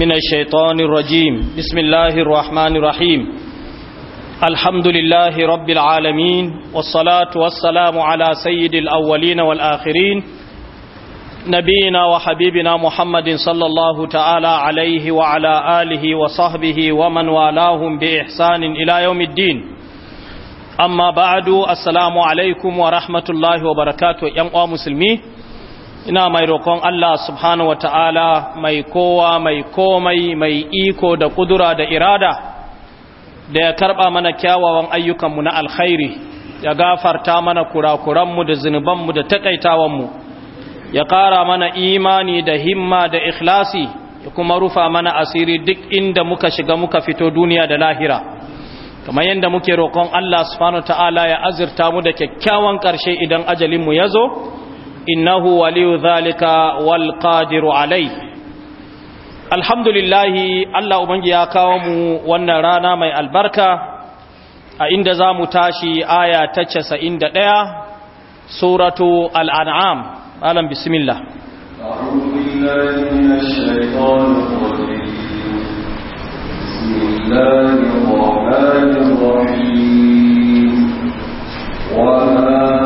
من الشيطان الرجيم بسم الله الرحمن الرحيم الحمد لله رب العالمين والصلاة والسلام على سيد الأولين والآخرين نبينا وحبيبنا محمد صلى الله تعالى عليه وعلى آله وصحبه ومن والاهم بإحسان إلى يوم الدين أما بعد السلام عليكم ورحمة الله وبركاته يا مسلمين ina mai roƙon Allah subhanahu wa ta'ala mai kowa mai komai mai iko da kudura da irada da ya karba mana kyawawan ayyukanmu na alkhairi ya gafarta mana kurakuranmu da zunubanmu da takaitawanmu. ya ƙara mana imani da himma da ikhlasi ya kuma rufa mana asiri duk inda muka shiga muka fito duniya da lahira kamar yadda muke roƙon Allah subhanahu wa ta'ala ya azurta mu da kyakkyawan ƙarshe idan ajalinmu ya zo innahu waliyu zalika walkadiru alai alhamdu lillahi Allah ubangiji ya kawo mu wannan rana mai albarka a inda zamu tashi aya ta casa'in da 91 suratu al-an'am alam bismillah a'udhu billahi minash shaitanir rajim bismillahir rahmanir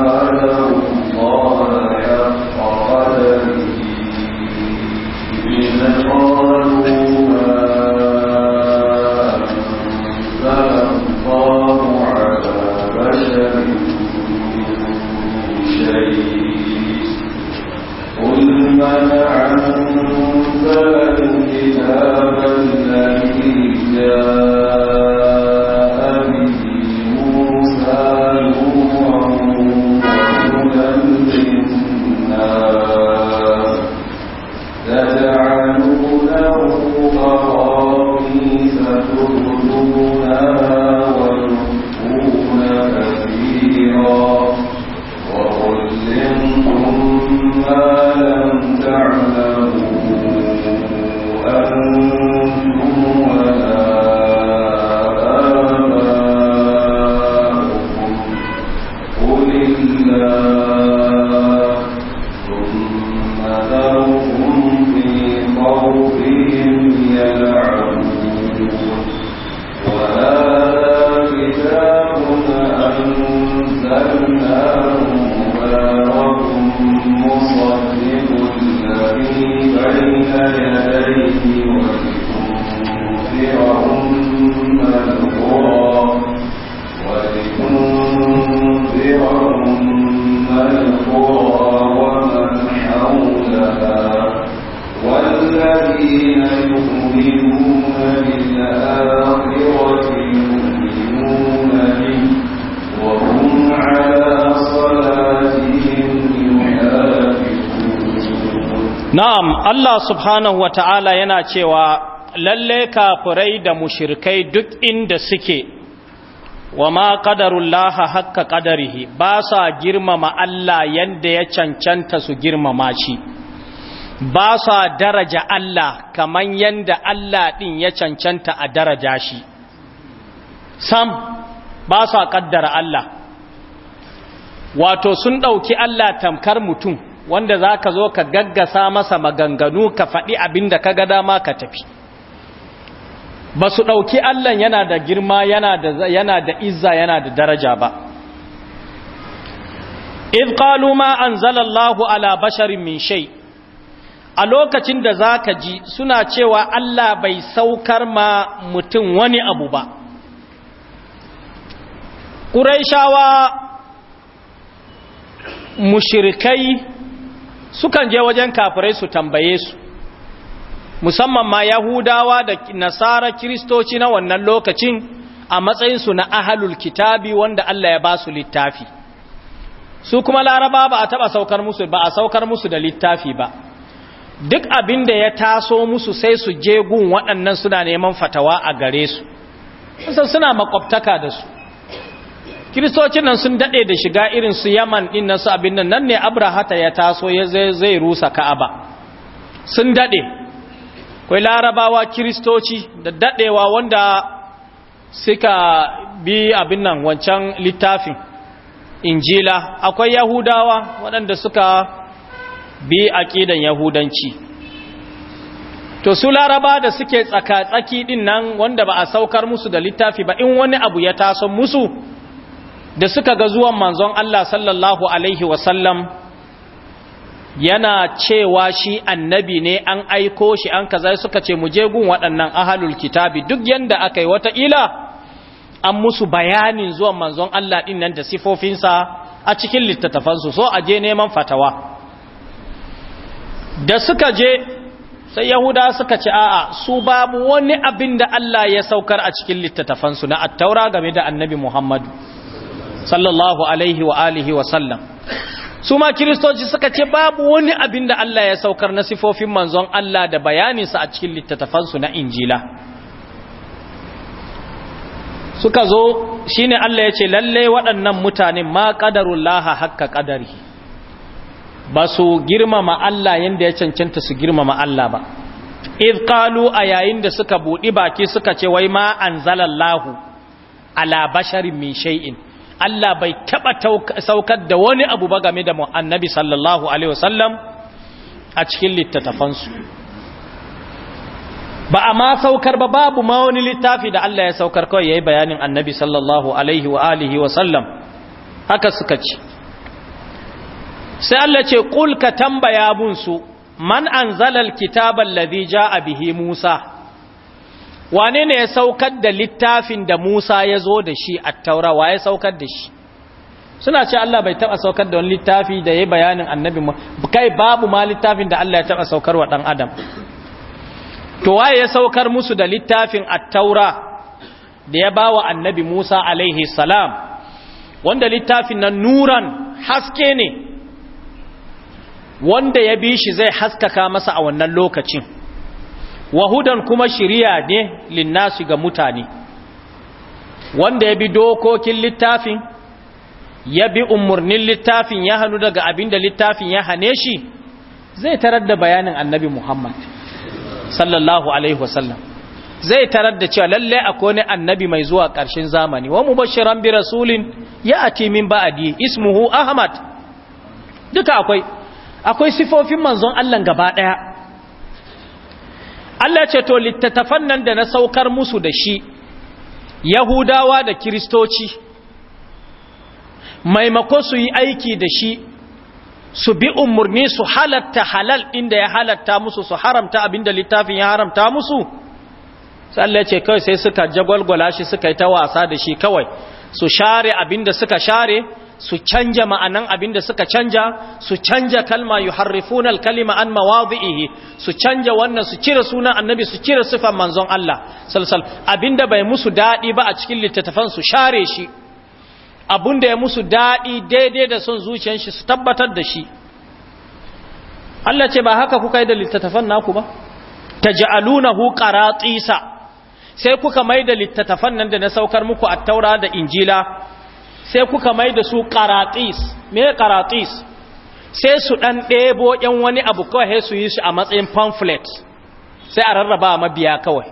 subhanahu wa ta'ala yana cewa lalle kafurai da mushirkai duk inda suke wa ma ƙadarullaha haka ƙadarihi ba sa girmama Allah yadda ya cancanta su girmama shi ba sa daraja Allah kamar yadda Allah ɗin ya cancanta a daraja shi sam ba sa ƙaddara Allah wato sun ɗauki Allah tamkar mutum wanda za ka zo ka gaggasa masa maganganu ka faɗi abin da ka ga dama ka tafi ba su ɗauki allon yana da girma yana da, yana izza yana da daraja ba idh ƙalu ma anzalallahu ala basharin min shai a lokacin da za ka ji suna cewa Allah bai saukar ma mutum wani abu ba ƙuraishawa mushrikai sukan je wajen kafirai su tambaye su musamman ma yahudawa da nasara kiristoci na wannan lokacin a matsayin su na ahalul kitabi wanda Allah ya ba su littafi su kuma laraba ba a taba saukar musu ba a saukar musu da littafi ba duk abin da ya taso musu sai su je gun waɗannan suna neman fatawa a gare su suna makwabtaka da su Kiristoci nan sun daɗe da shiga irin su yaman ɗin su abin nan nan ne abrahata ya taso ya zai rusa ka'aba sun daɗe kwai larabawa kiristoci da daɗewa wanda suka bi abin nan wancan littafin injila akwai yahudawa waɗanda suka bi aƙidan yahudanci to su laraba da suke tsaka-tsaki ɗin nan wanda ba a saukar musu da littafi ba in wani abu ya taso musu da suka ga zuwan manzon Allah sallallahu alaihi wasallam yana cewa shi annabi ne an aiko shi an kaza suka ce mu je gun waɗannan ahalul kitabi duk yadda aka yi wataƙila an musu bayanin zuwan manzon Allah ɗin nan da sifofinsa a cikin littattafansu so a je neman fatawa da suka je sai yahuda suka ce a'a su babu wani abin da Allah ya saukar a cikin littattafansu na attaura game da annabi Muhammadu sallallahu alaihi wa alihi wa sallam su ma kiristoci suka ce babu wani abin da Allah ya saukar na sifofin manzon Allah da bayaninsa a cikin littattafansu na injila suka zo shine Allah ya ce lalle waɗannan mutane ma ƙadarullaha hakka ƙadari ba su girmama Allah yadda ya cancanta su girmama Allah ba iz qalu a yayin da suka buɗi baki suka ce wai ma anzalallahu ala basharin min shay'in Allah bai taɓa saukar da wani abu ba game da annabi sallallahu Alaihi wasallam a cikin littattafansu ba a ma saukar ba babu ma wani littafi da Allah ya saukar kawai ya yi bayanin annabi sallallahu Alaihi wa alihi wasallam haka suka ci sai Allah ce kulka tambaya bunsu man an zalal kitaban ladhi a bihi Musa wane ne ya saukar da littafin da Musa ya zo da shi a taura wa ya saukar da shi suna ce Allah bai taba saukar da wani littafi da ya bayanin annabi kai babu ma littafin da Allah ya taba saukar wa dan adam to waye ya saukar musu da littafin at-taura da ya bawa annabi Musa alaihi salam wanda littafin nan nuran haske ne wanda ya bi shi zai haskaka masa a wannan lokacin wahudan kuma shiriya ne linnasi ga mutane wanda ya bi dokokin littafin ya bi umarnin littafin ya hannu daga abinda littafin ya hane shi zai tarar da bayanin annabi muhammad sallallahu alaihi wasallam zai tarar da cewa lallai akwai annabi mai zuwa ƙarshen zamani wa mubashiran bi rasulin ya ati min ba'adi ismuhu ahmad duka akwai akwai sifofin manzon Allah gaba daya Allah ce to littattafan nan da na saukar musu da shi yahudawa da kiristoci maimako su yi aiki da shi su bi umarni su halatta halal inda ya halatta musu su haramta abinda littafin ya haramta musu tsalle ce kawai sai suka jagwalgwala shi suka yi ta wasa da shi kawai su share abinda suka share su canja ma'anan abin da suka canja su canja kalma yuharrifuna al-kalima an mawadhihi su canja wannan su cire sunan annabi su cire sifan manzon Allah salsal abinda bai musu dadi ba a cikin littattafan su share shi abinda ya musu dadi daidai da son zuciyar shi su tabbatar da shi Allah ce ba haka kuka yi da littattafan naku ba taj'alunahu qaratisa sai kuka mai da littattafan nan da na saukar muku at-taura da injila sai kuka mai da su karatis me karatis sai su dan ɗebo yan wani abu kawai sai su yi shi a matsayin pamphlet sai a rarraba mabiya kawai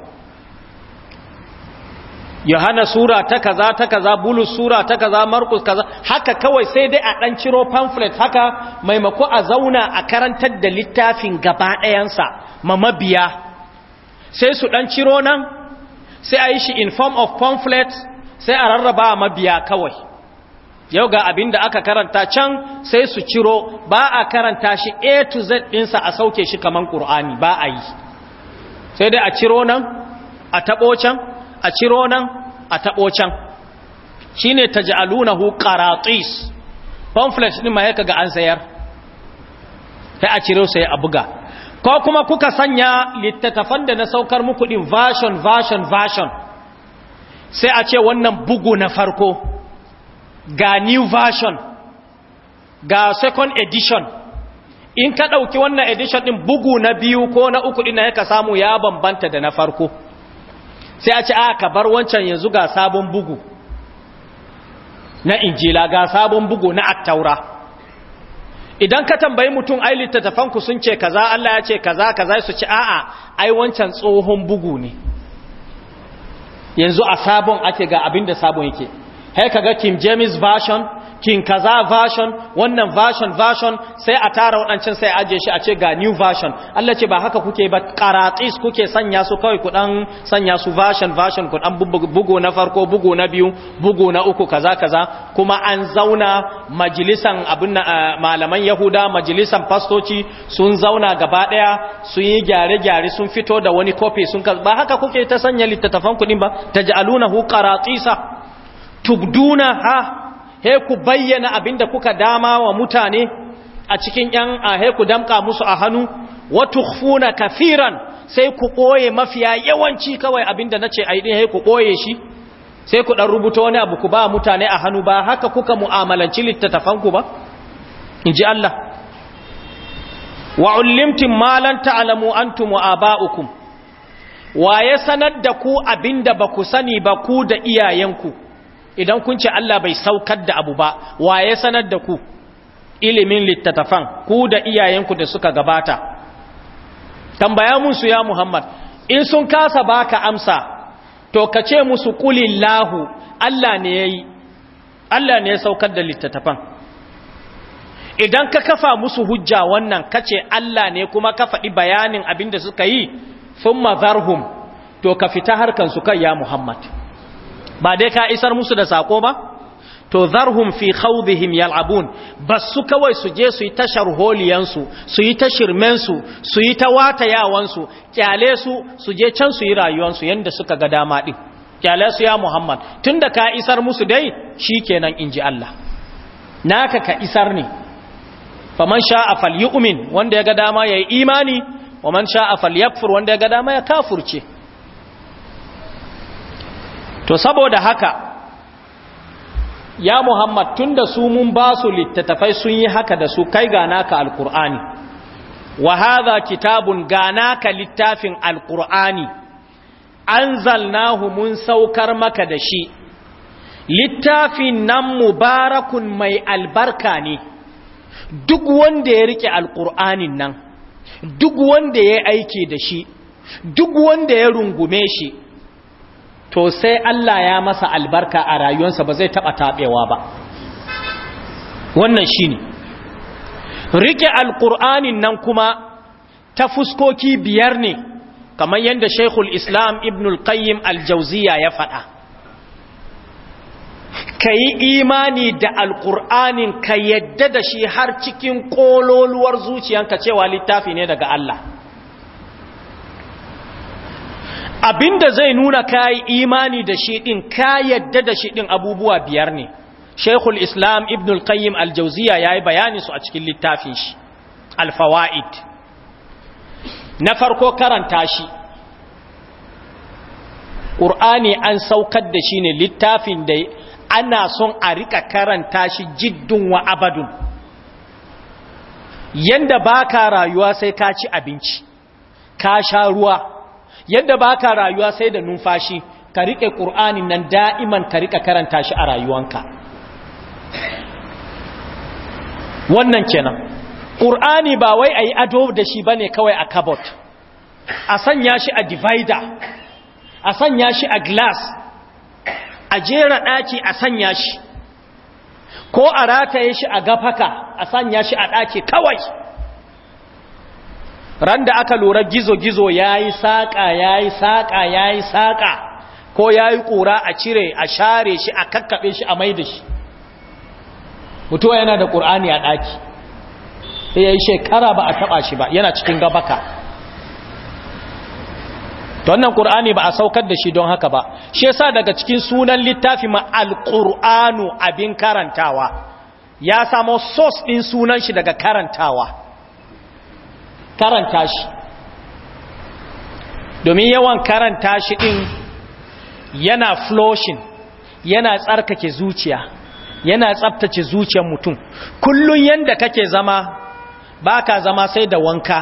yohana sura ta kaza ta kaza bulus sura ta kaza markus kaza haka kawai sai dai a dan ciro pamphlet haka maimako a zauna a karantar da littafin gaba ɗayansa ma mabiya sai su dan ciro nan sai a yi shi in form of pamphlet sai a rarraba mabiya kawai yau ga abin da aka karanta can sai su ciro ba a karanta shi a to z ɗinsa a sauke shi kamar ƙur'ani ba a yi sai dai a ciro nan a taɓo can a ciro nan a taɓo can shi ne ta ƙaratis pamphlet ɗin ma kaga an sayar sai a ciro sai a buga ko kuma kuka sanya littattafan da na saukar muku ɗin version version version sai a ce wannan bugu na farko ga new version ga second edition in ka ɗauki wannan edition ɗin bugu na biyu ko na uku ɗin na yaka samu ya bambanta da na farko sai a ce a ah, ka bar wancan yanzu ga sabon bugu na injila ga sabon bugu na attaura idan ka tambayi mutum ai littattafanku sun ce kaza Allah ya ce kaza kaza su ci a'a ai wancan tsohon bugu ne yanzu a sabon ake ga abin da sabon yake hai kaga king james version king kaza version wannan version version sai a tara waɗancan sai aje shi a ce ga new version Allah ce ba haka kuke ba karatis kuke sanya su kawai ku dan sanya su version version ku dan bugo na farko bugo na biyu bugo na uku kaza kaza kuma an zauna majalisan abin eh, malaman yahuda majalisan pastoci sun zauna gaba daya sun yi gyare-gyare sun fito da wani copy sun ba haka kuke ta sanya littattafan ba din ba taj'alunahu qaratisa tubduna ha he ku bayyana abinda kuka dama wa mutane a cikin yan a he ku damka musu a hannu wa tukhfuna kafiran sai ku koye mafiya yawanci kawai abinda nace ai din he ku koye shi sai ku dan rubuta wani abu ku ba mutane a hannu ba haka kuka mu'amalanci littattafanku ku ba inji Allah wa ullimtum ma lan ta'lamu antum wa aba'ukum wa ya sanar da ku abinda ba ku sani ba ku da iyayenku idan kun ce Allah bai saukar da abu ba wa ya sanar da ku ilimin littattafan ku da iyayenku da suka gabata tambaya musu ya Muhammad in sun kasa baka amsa to ka ce musu kulillahu Allah ne yayi Allah ne ya saukar da littattafan idan ka kafa musu hujja wannan kace Allah ne kuma ka faɗi bayanin abinda suka yi thumma zarhum to ka fita harkan su kai ya Muhammad ba dai ka isar musu da sako ba to zarhum fi khawdihim yal'abun bas su kawai su je su yi tashar holiyan su yi tawata yawansu su yi ta su kyale su su je can su yi rayuwansu yanda suka ga dama din kyale su ya muhammad tunda ka isar musu dai shikenan inji Allah naka ka isar ne faman sha'a falyu'min wanda ya ga dama yayi imani waman sha'a falyakfur wanda ya ga dama ya kafurce to saboda haka ya muhammad tunda su mun ba su littattafai sun yi haka da su kai gana ka alkur'ani wa hadha kitabun gana ka littafin alkur'ani anzalnahu mun saukar maka da shi littafin nan mubarakun mai albarka ne duk wanda ya rike alkur'anin nan duk wanda ya aike da shi duk wanda ya rungume shi to sai Allah ya masa albarka a rayuwarsa ba zai taɓa taɓewa ba wannan shi ne rike alƙur'anin nan kuma ta fuskoki biyar ne kamar yadda shaikhul islam ibnul qayyim aljauziya ya faɗa ka yi imani da alƙur'anin ka yadda da shi har cikin ƙololuwar zuciyanka cewa littafi ne daga Allah abinda zai nuna kayi imani da shi din ka yadda da shi din abubuwa biyar ne Sheikhul Islam Ibn al-Qayyim al jawziya yayi bayani su a cikin littafin shi Al-Fawaid na farko karanta shi Qur'ani an saukar da shi ne littafin da ana son a rika karanta shi jiddun wa abadun yanda baka rayuwa sai ka ci abinci ka sha ruwa yadda ba ka rayuwa sai da numfashi ka riƙe ƙur'anin nan da'iman ka riƙa karanta shi a rayuwanka wannan kenan ƙur'ani ba wai a yi ado da shi ba ne kawai a kabot a sanya shi a divider a sanya shi a glass a jera ɗaki a sanya shi ko a rataye shi a gafaka a sanya shi a ɗaki kawai ran da aka lura gizo-gizo ya yi saƙa ya yi saƙa ya yi saƙa ko ya yi ƙura a cire a share shi a kakkaɓe shi a maida shi mutuwa yana da ƙur'ani a ɗaki sai ya yi shekara ba a taɓa shi ba yana cikin gabaka to wannan ƙur'ani ba a saukar da shi don haka ba shi yasa daga cikin sunan littafi ma ƙuranu abin karantawa ya samo sos ɗin sunan shi daga karantawa karanta shi domin yawan karanta shi din yana flushing yana tsarkake zuciya yana tsabtace zuciyar mutum kullum yanda kake zama baka zama sai da wanka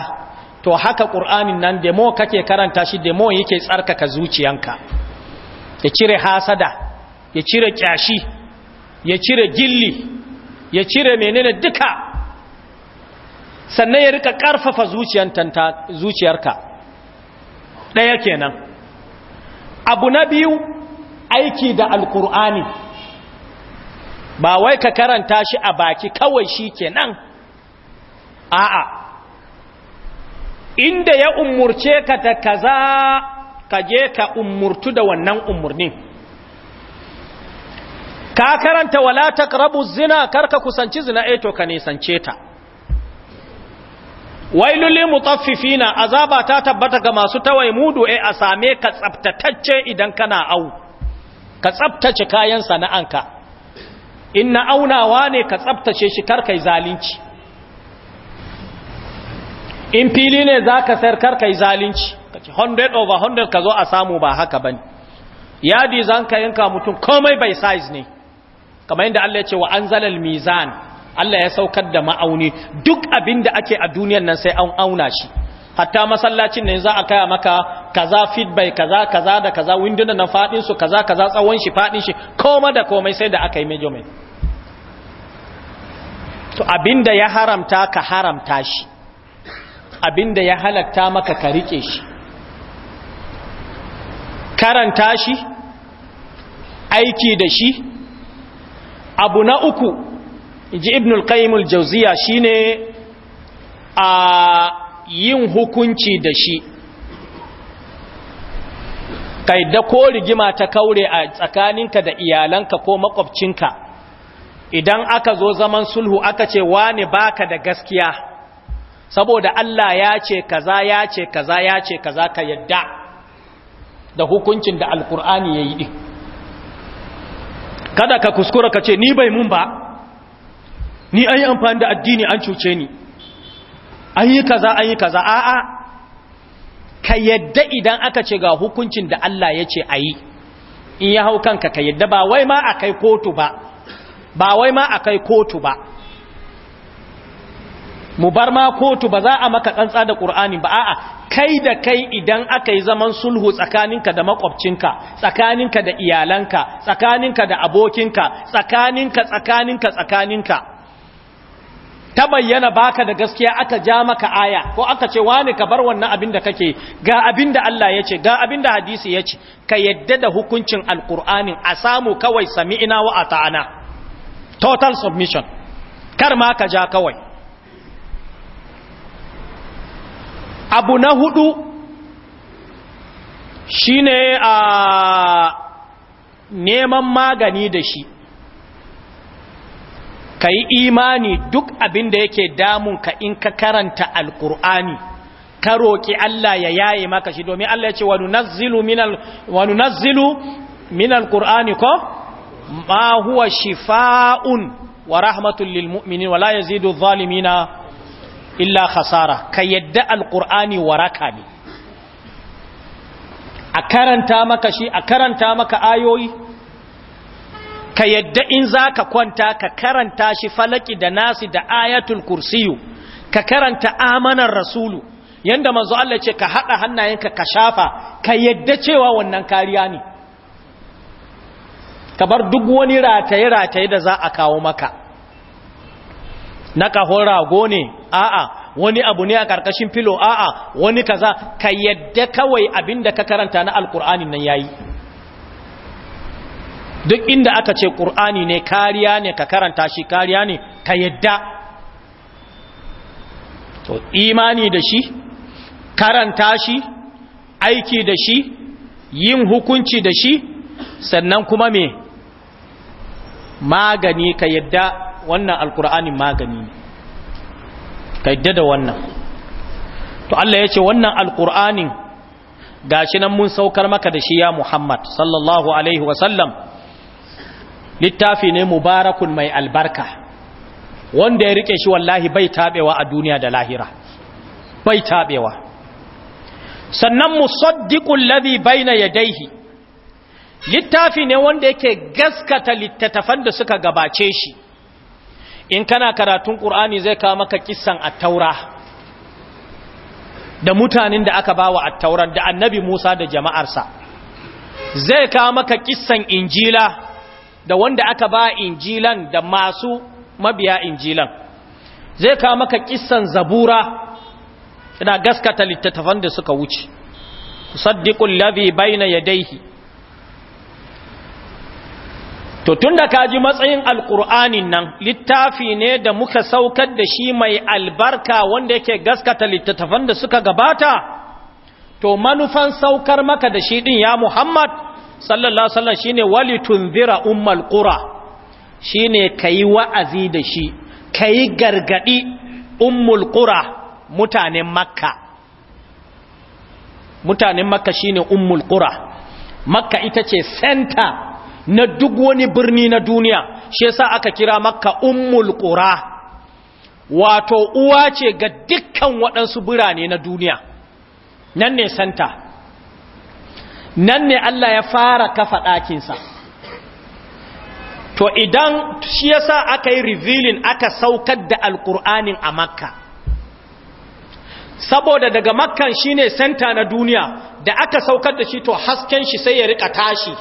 to haka ƙur'anin nan demo kake karanta shi demo yake tsarkaka zuciyanka ya cire hasada ya cire ƙyashi ya cire gilli ya cire menene duka sannan ya rika ƙarfafa zuciyarka ɗaya kenan abu na biyu aiki da alkur'ani ba wai ka karanta shi a baki kawai shi kenan a'a inda ya umurce ka ta kaza ka je ka umurtu da wannan umurnin ka karanta wala taqrabu zina karka kusanci zina eh to ka nisance ta wailulil mutaffifina azaba ta tabbata ga masu tawai mudu eh a same ka tsaftatacce idan kana au ka tsaftace kayan sana'anka inna aunawa ne ka tsaftace shi kar kai zalunci in fili ne zaka sayar kar kai zalunci kace 100 over 100 ka zo a samu ba haka bane yadi zanka yanka mutum komai bai size ne kamar yadda Allah ya ce wa anzalal mizan Allah ya saukar da ma'auni duk abin da ake a duniyar nan sai an auna shi hatta masallacin ne za a kaya maka kaza feedback kaza kaza da kaza windunan na fadin su kaza kaza tsawon shi fadin shi koma da komai sai da aka yi measurement to abinda ya haramta ka haramta shi abinda ya halatta maka ka rike shi karanta shi aiki da shi abu na uku inji ibn al-qayyim al-jawziya shine a yin hukunci da shi kaida ko rigima ta kaure a tsakaninka da iyalanka ko makwabcinka idan aka zo zaman sulhu aka ce wani baka da gaskiya saboda Allah ya ce kaza ya ce kaza ya ce kaza ka yadda da hukuncin da alkur'ani ya yi kada ka kuskura ka ce ni bai mun ba ni an yi amfani da addini an cuce ni an yi kaza an yi kaza a'a ka yadda idan aka ce ga hukuncin da Allah ya ce a yi in ya hau kanka ka yadda ba wai ma a kai kotu ba ba wai ma a kai kotu ba mu bar ma kotu ba za a maka tsantsa da ƙur'ani ba a'a kai da kai idan aka yi zaman sulhu tsakaninka da makwabcinka tsakaninka da iyalanka tsakaninka da abokinka tsakaninka tsakaninka tsakaninka ta bayyana baka da gaskiya aka ja maka aya ko aka ce wani ka bar wannan abin da kake ga abin da Allah yace ce ga abin da hadisi ya ce ka yadda da hukuncin alkur'anin a samu kawai sami'ina wa ata'ana total submission kar ma ka ja kawai abu na hudu shine a ah, neman magani da shi ka yi imani duk abin da yake damunka in ka karanta alkur'ani ka roƙi Allah ya yaye maka shi domin Allah ya ce wani nazilu min alkur'ani ko ma huwa shifa'un wa rahmatun lil muminin wala yazidu zalimina illa khasara ka yadda alkur'ani waraka ne a karanta maka shi a karanta maka ayoyi ka yadda in za ka kwanta ka karanta shi falaki da nasi da ayatul kursiyu ka karanta amanar rasulu Yadda mazu Allah ce ka haɗa hannayenka ka shafa ka yadda cewa wannan kariya ne ka bar duk wani rataye-rataye da za a kawo maka na ƙahon rago ne a'a wani abu ne a ƙarƙashin filo a'a wani kaza ka yadda kawai abinda ka karanta na alƙur'anin nan yayi duk inda aka ce ƙur'ani ne kariya ne ka karanta shi kariya ne ka yadda to imani da shi karanta shi aiki da shi yin hukunci da shi sannan kuma me magani ka yadda wannan alƙur'anin magani ne ka yadda da wannan to Allah ya ce wannan alƙur'anin gashi nan mun saukar maka da shi ya Muhammad sallallahu alaihi wasallam littafi ne mubarakun mai albarka wanda ya rike shi wallahi bai taɓewa a duniya da lahira bai tabewa sannan musaddiqul ladhi baina yadayhi littafi ne wanda yake gaskata littattafan da suka gabace shi in kana karatun qur'ani zai kawo maka kissan at-taura da mutanen da aka bawa at taura da annabi Musa da jama'arsa zai kawo maka kissan injila da wanda aka ba injilan da masu mabiya injilan zai kawo maka kissan zabura ina gaskata littattafan da suka wuce saddiqul ladhi bayna daihi. to tunda kaji matsayin alqur'anin nan littafi ne da muka saukar da shi mai albarka wanda yake gaskata littattafan da suka gabata to manufan saukar maka da shi din ya Muhammad sallallahu sallam shi ne tunzira ummal ƙura shi ne ka yi wa'azi da shi ka yi gargaɗi ummul ƙura mutanen makka mutanen makka shi ne ummul ƙura makka ita ce senta na duk wani birni na duniya shi yasa aka kira makka ummul ƙura wato uwa ce ga dukkan waɗansu birane na duniya nan ne center. nan ne Allah ya fara kafa ɗakinsa to idan shi yasa aka yi revealing aka saukar da alkur'anin a makka saboda daga makkan shine senta na duniya da aka saukar da shi to hasken shi sai ya rika tashi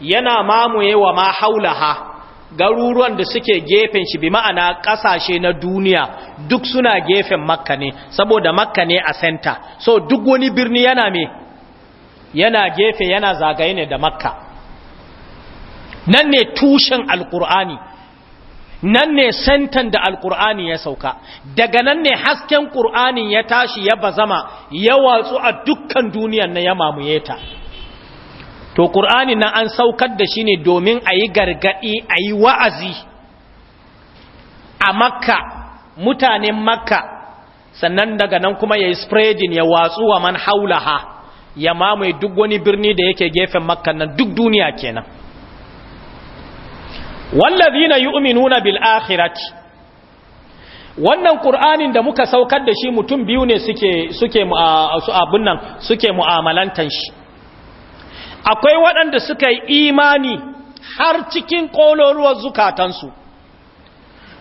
yana mamuye wa ma haulaha garuruwan da suke gefen shi bi ma'ana kasashe na duniya duk suna gefen makka ne saboda makka ne a senta so duk wani birni yana me yana gefe yana zagaye ne da makka nan ne tushen alkur'ani nan ne sentan da alkur'ani ya sauka daga nan ne hasken ƙur'ani ya tashi ya bazama ya watsu a dukkan duniyan na ya mamuye ta to ƙur'ani na an saukar da shi ne domin a yi gargaɗi a yi wa'azi a makka mutanen makka sannan daga nan kuma ya yi spreading ya watsu wa man haulaha ya mamaye duk wani birni da yake gefen makka nan duk duniya kenan na yu'minuna bil akhirati wannan qur'anin da muka saukar da shi mutum biyu ne suke suke abun nan suke mu'amalantan shi akwai waɗanda suka yi imani har cikin ƙoloruwar zukatansu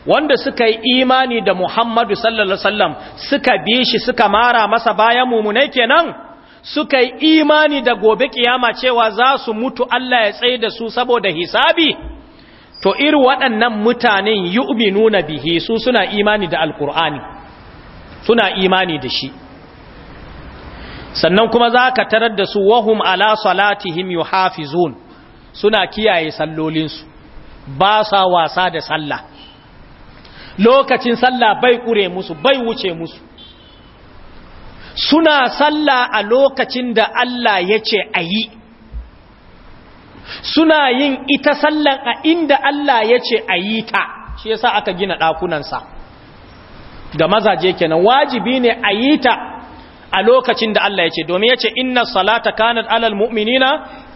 wanda suka yi imani da Muhammadu sallallahu Alaihi wasallam suka bi shi suka mara masa bayan mummunai kenan suka yi imani da gobe kiyama cewa za su mutu Allah ya tsaye da su saboda hisabi to iri waɗannan mutanen yi yu'minu na bihi su suna imani da alkur'ani suna imani da shi sannan kuma za ka tarar da su wahum ala salatihim yuhafizun suna kiyaye sallolinsu ba sa wasa da sallah lokacin sallah bai kure musu bai wuce musu suna sallah a lokacin da Allah ya ce a yi suna yin ita sallan a inda Allah ya ce a yi ta shi yasa aka gina ɗakunansa da mazaje kenan wajibi ne a yi ta a lokacin da Allah ya ce domin ya ce inna salata kanat alal mu'minina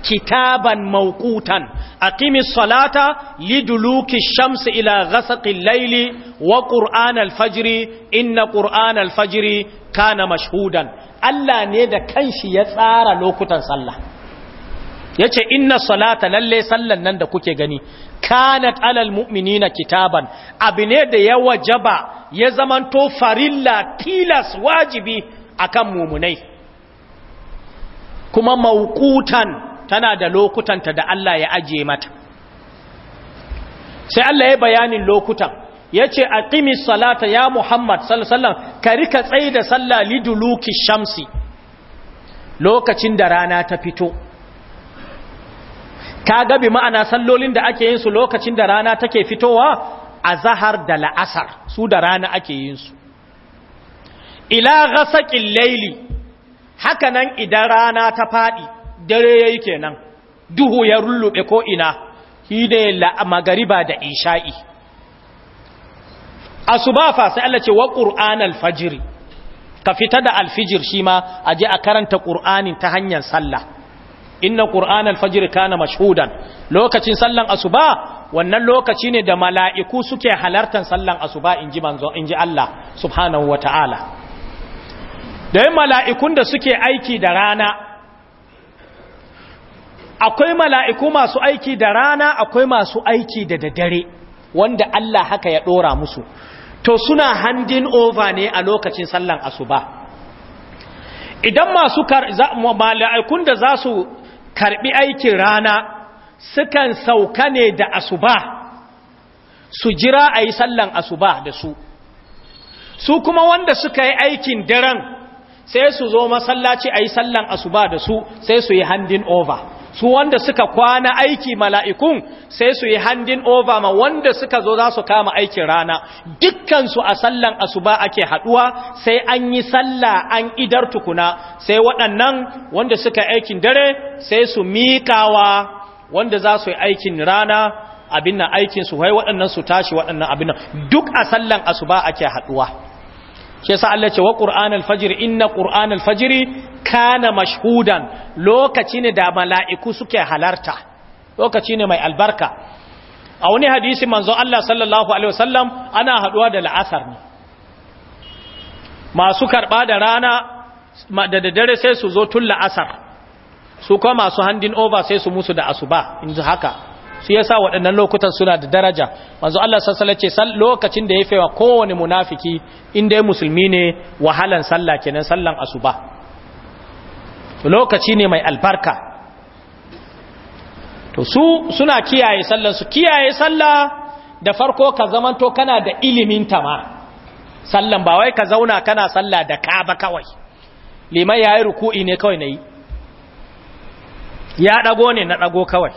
kitaban mawqutan aqimis salata liduluki shamsi ila ghasaqil layli wa qur'anal fajri inna qur'anal fajri kana mashhudan Allah ne da kanshi ya tsara lokutan sallah yace inna salata lalle sallan nan da kuke gani kanat alal mu'minina kitaban abine da ya wajaba ya zamanto farilla tilas wajibi akan muminai kuma mawqutan tana da lokutanta da Allah ya ajiye mata sai Allah ya bayanin lokutan ya ce a salata ya Muhammad sallallahu ka rika tsaye da sallah liduluki shamsi lokacin da rana ta fito ka gabi ma'ana sallolin da ake yin su lokacin da rana take fitowa a zahar da la'asar su da rana ake yin su ila layli laili nan idan rana ta faɗi dare ya yi kenan duhu ya rullube ko ina hide la magariba da isha'i asuba fa sai Allah ce wa qur'anal fajr ka fita da alfijir shi ma a je a karanta qur'anin ta hanyar sallah inna qur'anal fajr kana mashhudan lokacin sallan asuba wannan lokaci ne da mala'iku suke halartar sallan asuba ji manzo ji Allah subhanahu wataala da mala'ikun da suke aiki da rana akwai mala'iku masu aiki da rana akwai masu aiki da daddare wanda Allah haka ya ɗora musu to suna handin over ne a lokacin sallan asuba idan masu mala'ikun da za su karɓi aikin rana sukan sauka ne da asuba su jira a yi sallan asuba da su su kuma wanda suka yi aikin daren sai su zo masallaci a yi sallan asuba da su sai su yi handin over su wanda suka kwana aiki mala'ikun sai su yi handin over ma wanda suka zo za su kama aikin rana dukkansu a sallan asuba ake haduwa sai an yi salla an idar tukuna sai waɗannan wanda suka aikin dare sai su miƙawa wanda za su yi aikin rana abin aikin aikinsu wai waɗannan su tashi waɗannan abin duk a sallan asuba ake haduwa shi yasa Allah ce wa Qur'an al-fajr inna Qur'an al-fajr kana mashhudan lokaci ne da mala'iku suke halarta lokaci ne mai albarka a wani hadisi manzo Allah sallallahu alaihi wasallam ana haduwa da la'asar ne masu karba da rana da daddare sai su zo tun la'asar su kuma masu handin over sai su musu da asuba in haka shi yasa waɗannan lokutan suna da daraja manzo Allah sallallahu ce lokacin da ya wa kowane munafiki in dai musulmi ne wahalan sallah kenan sallan asuba lokaci ne mai albarka to su suna kiyaye sallan su kiyaye sallah da farko ka zamanto kana da ilimin ta ma sallan ba wai ka zauna kana sallah da ka ba kawai liman yayi ruku'i ne kawai yi. ya ɗago ne na ɗago kawai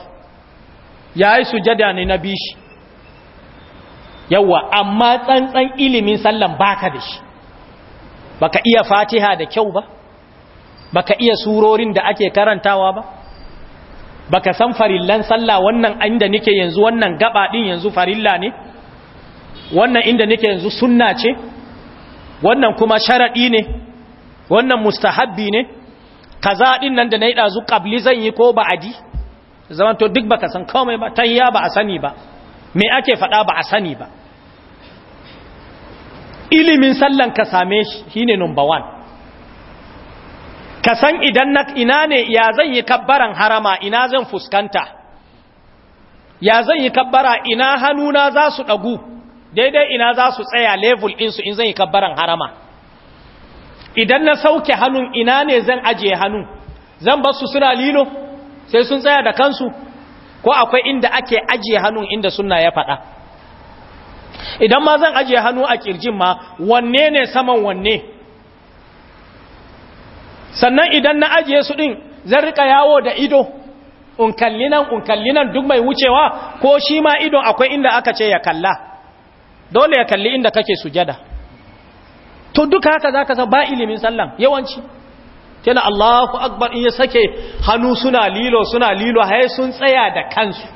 ya yi sujada ne na bi shi yawa amma tsantsan ilimin sallan baka da shi baka iya fatiha da kyau ba baka iya surorin da ake karantawa ba baka san farillan sallah wannan inda nike yanzu wannan gaba din yanzu farilla ne wannan inda nike yanzu sunna ce wannan kuma sharadi ne wannan mustahabbi ne kaza din nan da nayi dazu qabli zan yi ko ba'adi zaman to duk baka san komai ba tahiya ba a sani ba me ake faɗa ba a sani ba ilimin sallan ka same shi shine number 1 ka san idan na ina ne ya zan yi kabbaran harama ina zan fuskanta ya zan yi kabbara ina hannuna za su ɗagu daidai ina za su tsaya level ɗinsu in zan yi kabbaran harama idan na sauke hannun ina ne zan ajiye hannun zan basu suna lilo sai sun tsaya da kansu ko akwai inda ake ajiye hannun inda suna ya faɗa idan ma zan ajiye hannu a kirjin ma wanne ne saman wanne sannan idan na ajiye su ɗin zan rika yawo da ido unkallinan unkallinan duk mai wucewa ko shi ma ido akwai inda aka ce ya kalla dole ya kalli inda kake sujada to duka haka za ka ba ilimin sallan yawanci yana Allahu akbar in ya sake hannu suna lilo suna lilo hai sun tsaya da kansu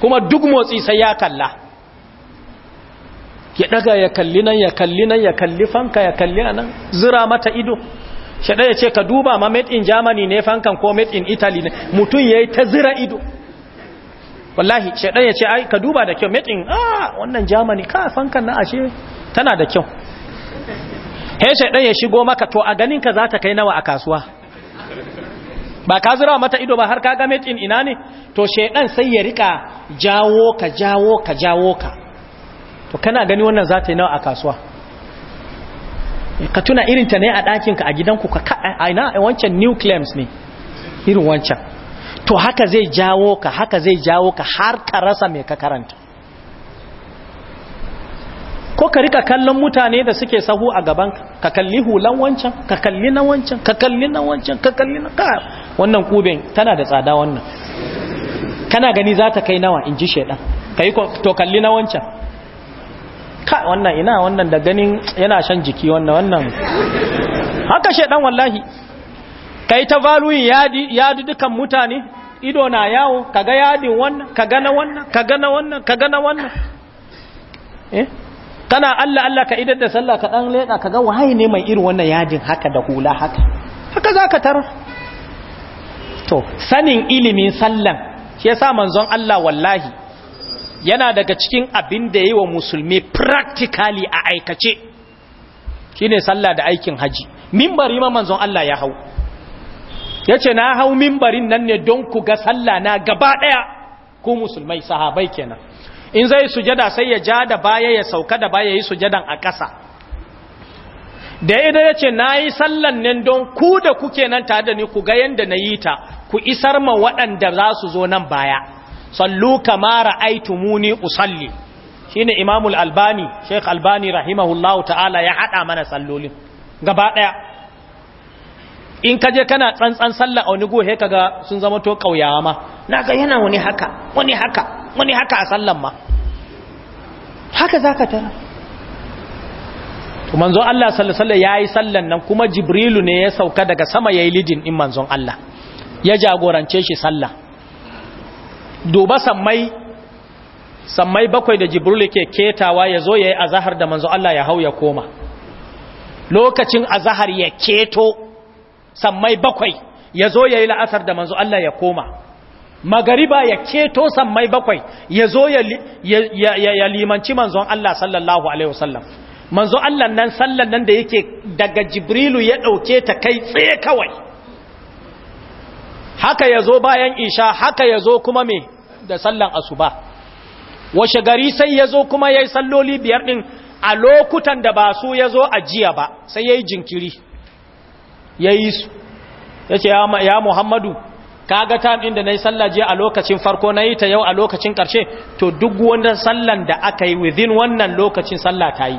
kuma duk motsi sai ya kalla ya daga ya kalli nan ya kalli nan ya kalli fanka ya kalli nan zira mata ido shaɗa ya ce ka duba ma made in germany ne fankan ko made in italy ne mutum ya yi ta zira ido wallahi shaɗa ya ce ai ka duba da kyau made in ah wannan germany ka fankan na ashe tana da kyau he shaidan ya shigo maka to a ganin ka za ta kai nawa a kasuwa ba ka zira mata ido ba har ka ga in ina ne to shaidan sai ya rika jawo ka jawo ka jawo ka to kana gani wannan za ta yi nawa a kasuwa ka tuna irinta ne a ɗakinka a gidanku ka aina wancan new claims ne irin wancan to haka zai jawo ka haka zai jawo ka har ka rasa mai ka karanta ko ka rika kallon mutane da suke sahu a gaban ka kalli hulan wancan ka kalli na wancan ka kalli na wancan ka kalli na ka wannan kuben tana da tsada wannan kana gani za ta kai nawa in ji shaidan ka yi to kalli na wancan ka wannan ina wannan da ganin yana shan jiki wannan wannan haka shaidan wallahi ka yi ta valuyin yadi dukan mutane ido na yawo kaga yadin wannan kaga na wannan kaga na wannan kaga na wannan eh kana Allah Allah ka idar da sallah ka dan leda ga waye ne mai irin wannan yajin haka da hula haka haka zaka tar to sanin ilimin sallan shi yasa manzon Allah wallahi yana daga cikin abin da yayi wa musulmi practically a aikace shine sallah da aikin haji minbari ma manzon Allah ya hau yace na hau minbarin nan ne don ku ga sallah na gaba daya ku musulmai sahabai kenan in zai sujada sai ya ja da baya ya sauka da baya yi sujadan a ƙasa da idan ya ce na yi sallan nan don ku da kuke nan tare da ni ku ga yadda na yi ta ku isar ma waɗanda za su zo nan baya sallu kamara aitumuni usalli shine imamul albani sheikh albani rahimahullahu ta'ala ya haɗa mana sallolin gaba ɗaya in kaje kana tsantsan sallah a wani gohe kaga sun zama to kauyawa ma Na ga yana wani haka wani haka wani haka a sallan ma haka zaka tara to manzon Allah sallallahu alaihi yayi sallar nan kuma jibrilu ne ya sauka daga sama yayi lidin in manzon Allah ya jagorance shi sallah duba sammai sammai bakwai da jibrilu ke ketawa ya zo yayi azahar da manzon Allah ya hau ya koma lokacin azahar ya keto sammai bakwai ya zo ya yi la'asar da manzo Allah ya koma magariba ya keto sammai bakwai ya zo ya limanci manzon Allah sallallahu alaihi wasallam manzo Allah nan sallan nan da yake daga jibrilu ya ɗauke ta kai tsaye kawai haka ya zo bayan isha haka ya zo kuma me da sallan asuba washe gari sai ya zo kuma ya yi salloli biyar ɗin a lokutan da ba su ya zo a ba sai ya yi jinkiri ya yi su ya ce ya muhammadu kaga ta inda na yi sallah jiya a lokacin farko na yi ta yau a lokacin karshe to duk wanda sallan da aka yi within wannan lokacin salla ta yi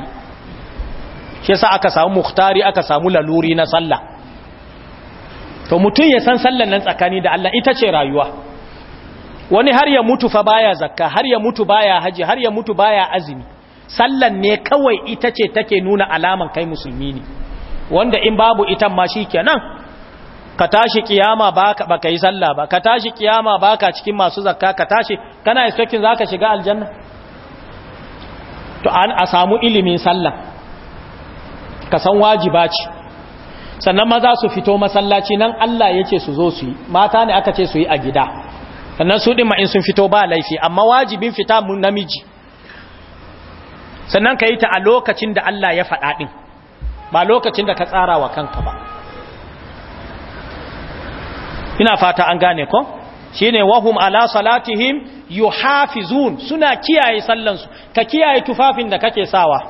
shi sa aka samu muhtari aka samu laluri na sallah to mutum ya san sallan nan tsakani da Allah ita ce rayuwa wani har ya mutu fa baya zakka har ya mutu baya haji har ya mutu baya azumi sallan ne kawai ita ce take nuna alaman kai musulmi ne wanda in babu itan ma shi kenan ka tashi kiyama baka baka yi sallah ba ka tashi kiyama baka cikin masu zakka ka tashi kana expecting zaka shiga aljanna to an a samu ilimin sallah ka san wajiba ce sannan maza su fito masallaci nan Allah yake su zo su yi mata ne aka ce su yi a gida sannan su ma in sun fito ba laifi amma wajibin fita mun namiji sannan ka yi ta a lokacin da Allah ya faɗa ɗin ba lokacin da ka tsara wa kanka ba ina fata an gane ko shine wahum ala salatihim yuhafizun suna kiyaye sallansu ka kiyaye tufafin da kake sawa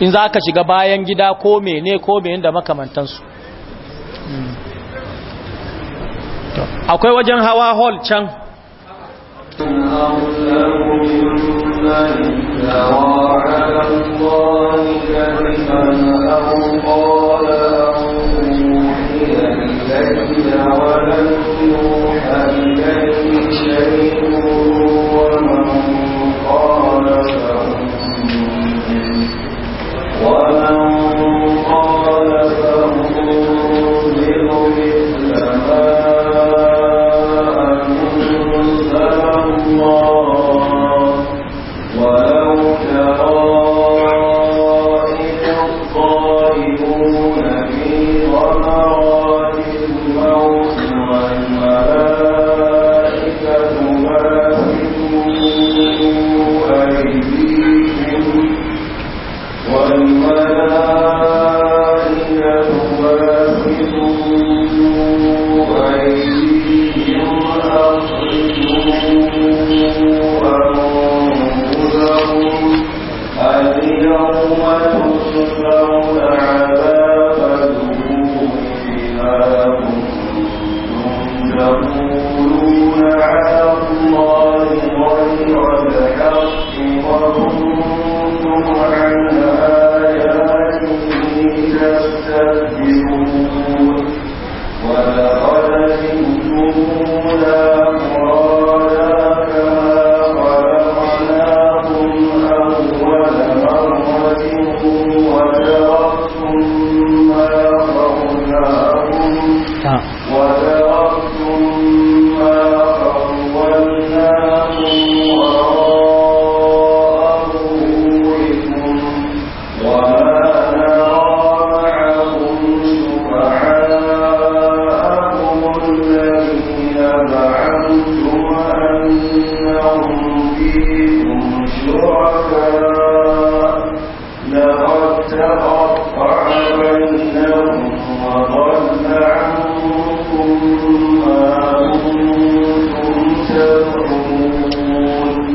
in za ka shiga bayan gida ko mene ko mene da makamantansu akwai wajen hawa hall can افترى على الله كذبا أو قال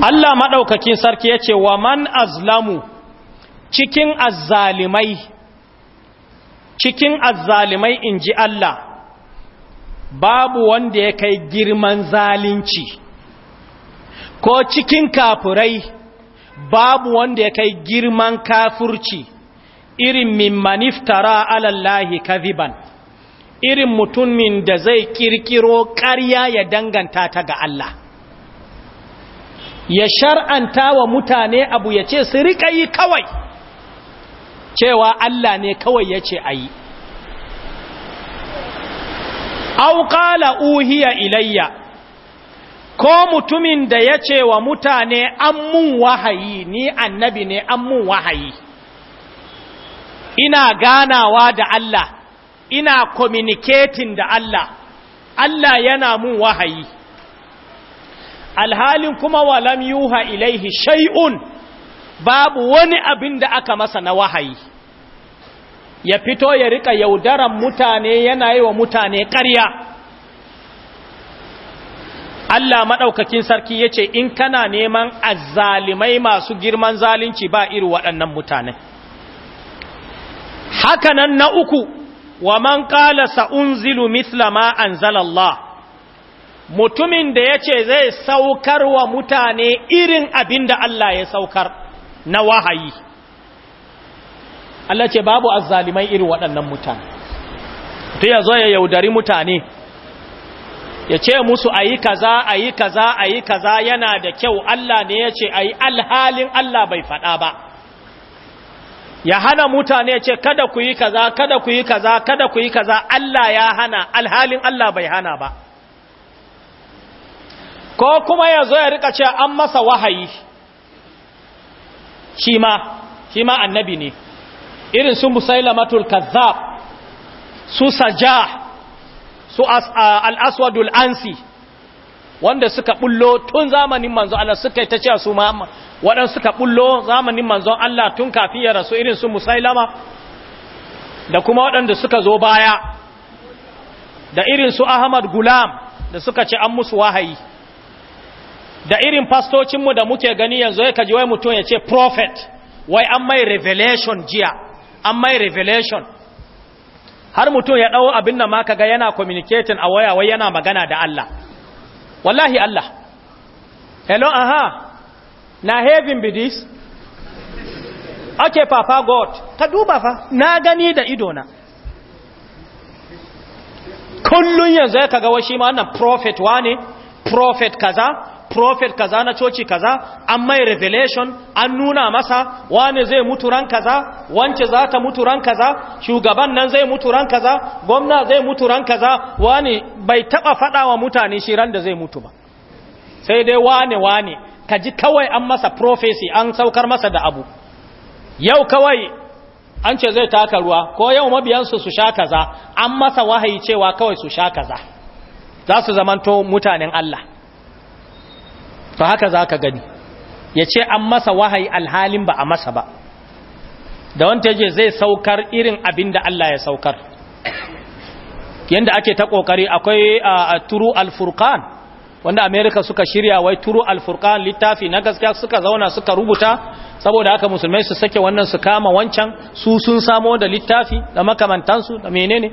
Allah maɗaukakin sarki ya ce wa man azlamu cikin azzalimai cikin azzalimai in ji Allah babu wanda ya kai girman zalunci ko cikin kafurai babu wanda ya kai girman kafurci irin min maniftara alallahi kaziban irin mutumin da zai kirkiro ƙarya ya danganta ta ga Allah ya shar'anta wa mutane abu ya ce su riƙa yi kawai cewa Allah ne kawai ya ce a yi auƙala uhiya ilayya ko mutumin da ya ce wa mutane an mun wahayi ni annabi ne an mun wahayi ina ganawa da Allah ina communicating da Allah Allah yana mun wahayi alhalin kuma walam yuha ilaihi shay'un babu wani abin da aka masa na wahayi ya fito ya rika yaudaran mutane yana yi wa mutane ƙarya Allah maɗaukakin sarki ya ce in kana neman azzalimai masu girman zalunci ba iri waɗannan mutanen hakanan na uku wa man ƙala sa'unzilu mithla ma anzalallah mutumin da ya ce zai saukar wa mutane irin abin da Allah ya saukar na wahayi Allah ce babu azzalimai irin waɗannan mutane ta ya zo ya yaudari mutane ya ce musu a yi kaza a yi kaza a yi kaza yana da kyau Allah ne ya ce a yi alhalin Allah bai faɗa ba ya hana mutane ya ce kada ku yi kaza kada ku yi kaza kada ku yi kaza Allah ya hana alhalin Allah bai hana ba ko kuma ya zo ya rika ce an masa wahayi shi ma shi ma annabi ne irin su musailamatul kazzab su sajah su al'aswadul ansi wanda suka bullo tun zamanin manzo, Allah suka yi ta cewa su ma'amma waɗansu suka bullo zamanin manzo, Allah tun kafin ya rasu irin su musailama da kuma waɗanda suka zo baya da irin su Ahmad Gulam da suka ce an musu wahayi da irin fastocinmu da muke gani yanzu ya kaji wai mutum ya ce prophet wai an mai revelation jiya an mai revelation har mutum ya ɗau abin da ma kaga yana communicating a waya wai yana magana da Allah wallahi Allah hello aha na heaven be this okay papa god ka duba fa na gani da idona Kullum yanzu ya kaga washi shi ma wannan prophet wane prophet kaza prophet kaza na coci kaza an mai revelation an nuna masa wane zai mutu ran kaza wance za ta mutu ran kaza shugaban nan zai mutu ran kaza gwamna zai mutu ran kaza wane bai taba fada wa mutane shi ran da zai mutu ba sai dai wane wane kaji kawai an masa prophecy an saukar masa da abu yau kawai an ce zai taka ruwa ko yau mabiyansu su sha kaza an masa wahayi cewa kawai su sha kaza za su zamanto mutanen Allah to haka za ka gani ya ce an masa wahayi alhalin ba a masa ba da wanta yaje zai saukar irin abin da Allah ya saukar Yadda ake ta kokari akwai a turu alfurkan wanda america suka shirya wai turu alfurkan littafi na gaskiya suka zauna suka rubuta saboda haka musulmai su sake wannan su kama wancan su sun samo da littafi da makamantansu da menene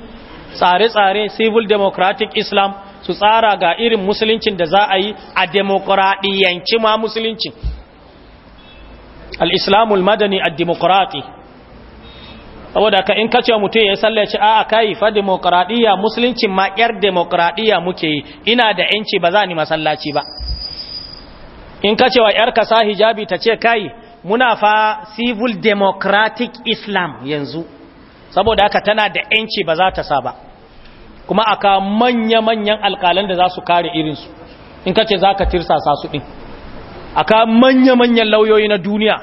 tsare-tsare civil democratic islam su tsara ga irin musuluncin da za a yi a demokuraɗiyanci ma musuluncin al'islamul madani a demokuraɗi saboda ka in kace mutum ya sallaci a a kai fa demokuraɗiyya musuluncin ma ƴar demokuraɗiyya muke yi ina da ‘yanci ba za ni masallaci ba in kacewa wa ‘yarka sa hijabi ta ce kai muna fa civil democratic islam yanzu saboda haka tana da ‘yanci ba za ta sa ba kuma aka manya-manyan alkalan da za su kare su in ka ce za ka tirsasa su ɗin aka manya-manyan lauyoyi na duniya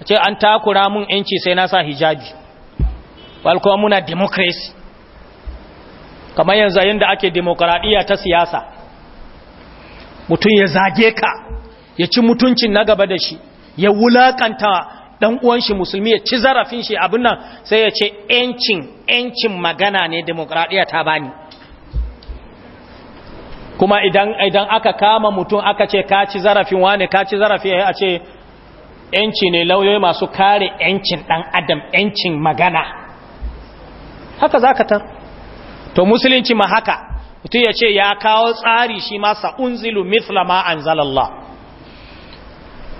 a ce an takura mun yanci sai na sa hijabi kuma muna democracy kamar yanzu yadda ake demokradiyya ta siyasa mutum ya zage ka ya ci mutuncin na gaba da shi ya wulakanta dan uwan shi musulmi ya ci zarafin shi abin nan sai ya ce yancin yancin magana ne demokradiya ta bani kuma idan idan aka kama mutum aka ce ka ci zarafin wane ka ci zarafi a ce yanci ne lauyoyi masu kare yancin dan adam yancin magana haka zaka ta. to musulunci ma haka mutum ya ce ya kawo tsari shi ma sa, unzilu mithla ma anzalallah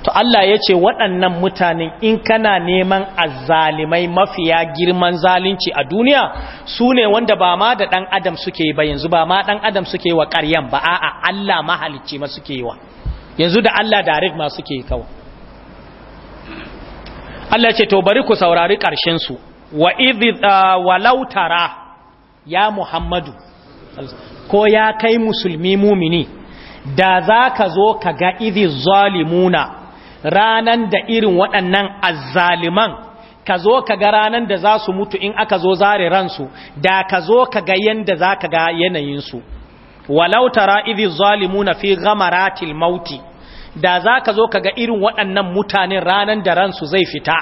to Allah ya ce waɗannan mutanen in kana neman azalimai mafiya girman zalunci a duniya su ne wanda ba ma da ɗan adam suke yi ba yanzu ba ma ɗan adam suke yi wa ƙaryan ba a'a Allah mahalicci ma suke wa yanzu da Allah darik ma suke kawo. Allah ce to bari ku saurari ƙarshensu wa izi walautara ya Muhammadu ko ya kai musulmi mumini da za ka zo ka ga izi zalimuna ranan da irin waɗannan azzaliman ka zo ka ga ranan da za su mutu in aka zo zare ransu da ka zo ka ga yanda za ka ga yanayinsu walau tara idhi zalimuna fi ghamaratil mauti da za ka zo ka ga irin waɗannan mutanen ranan da ransu zai fita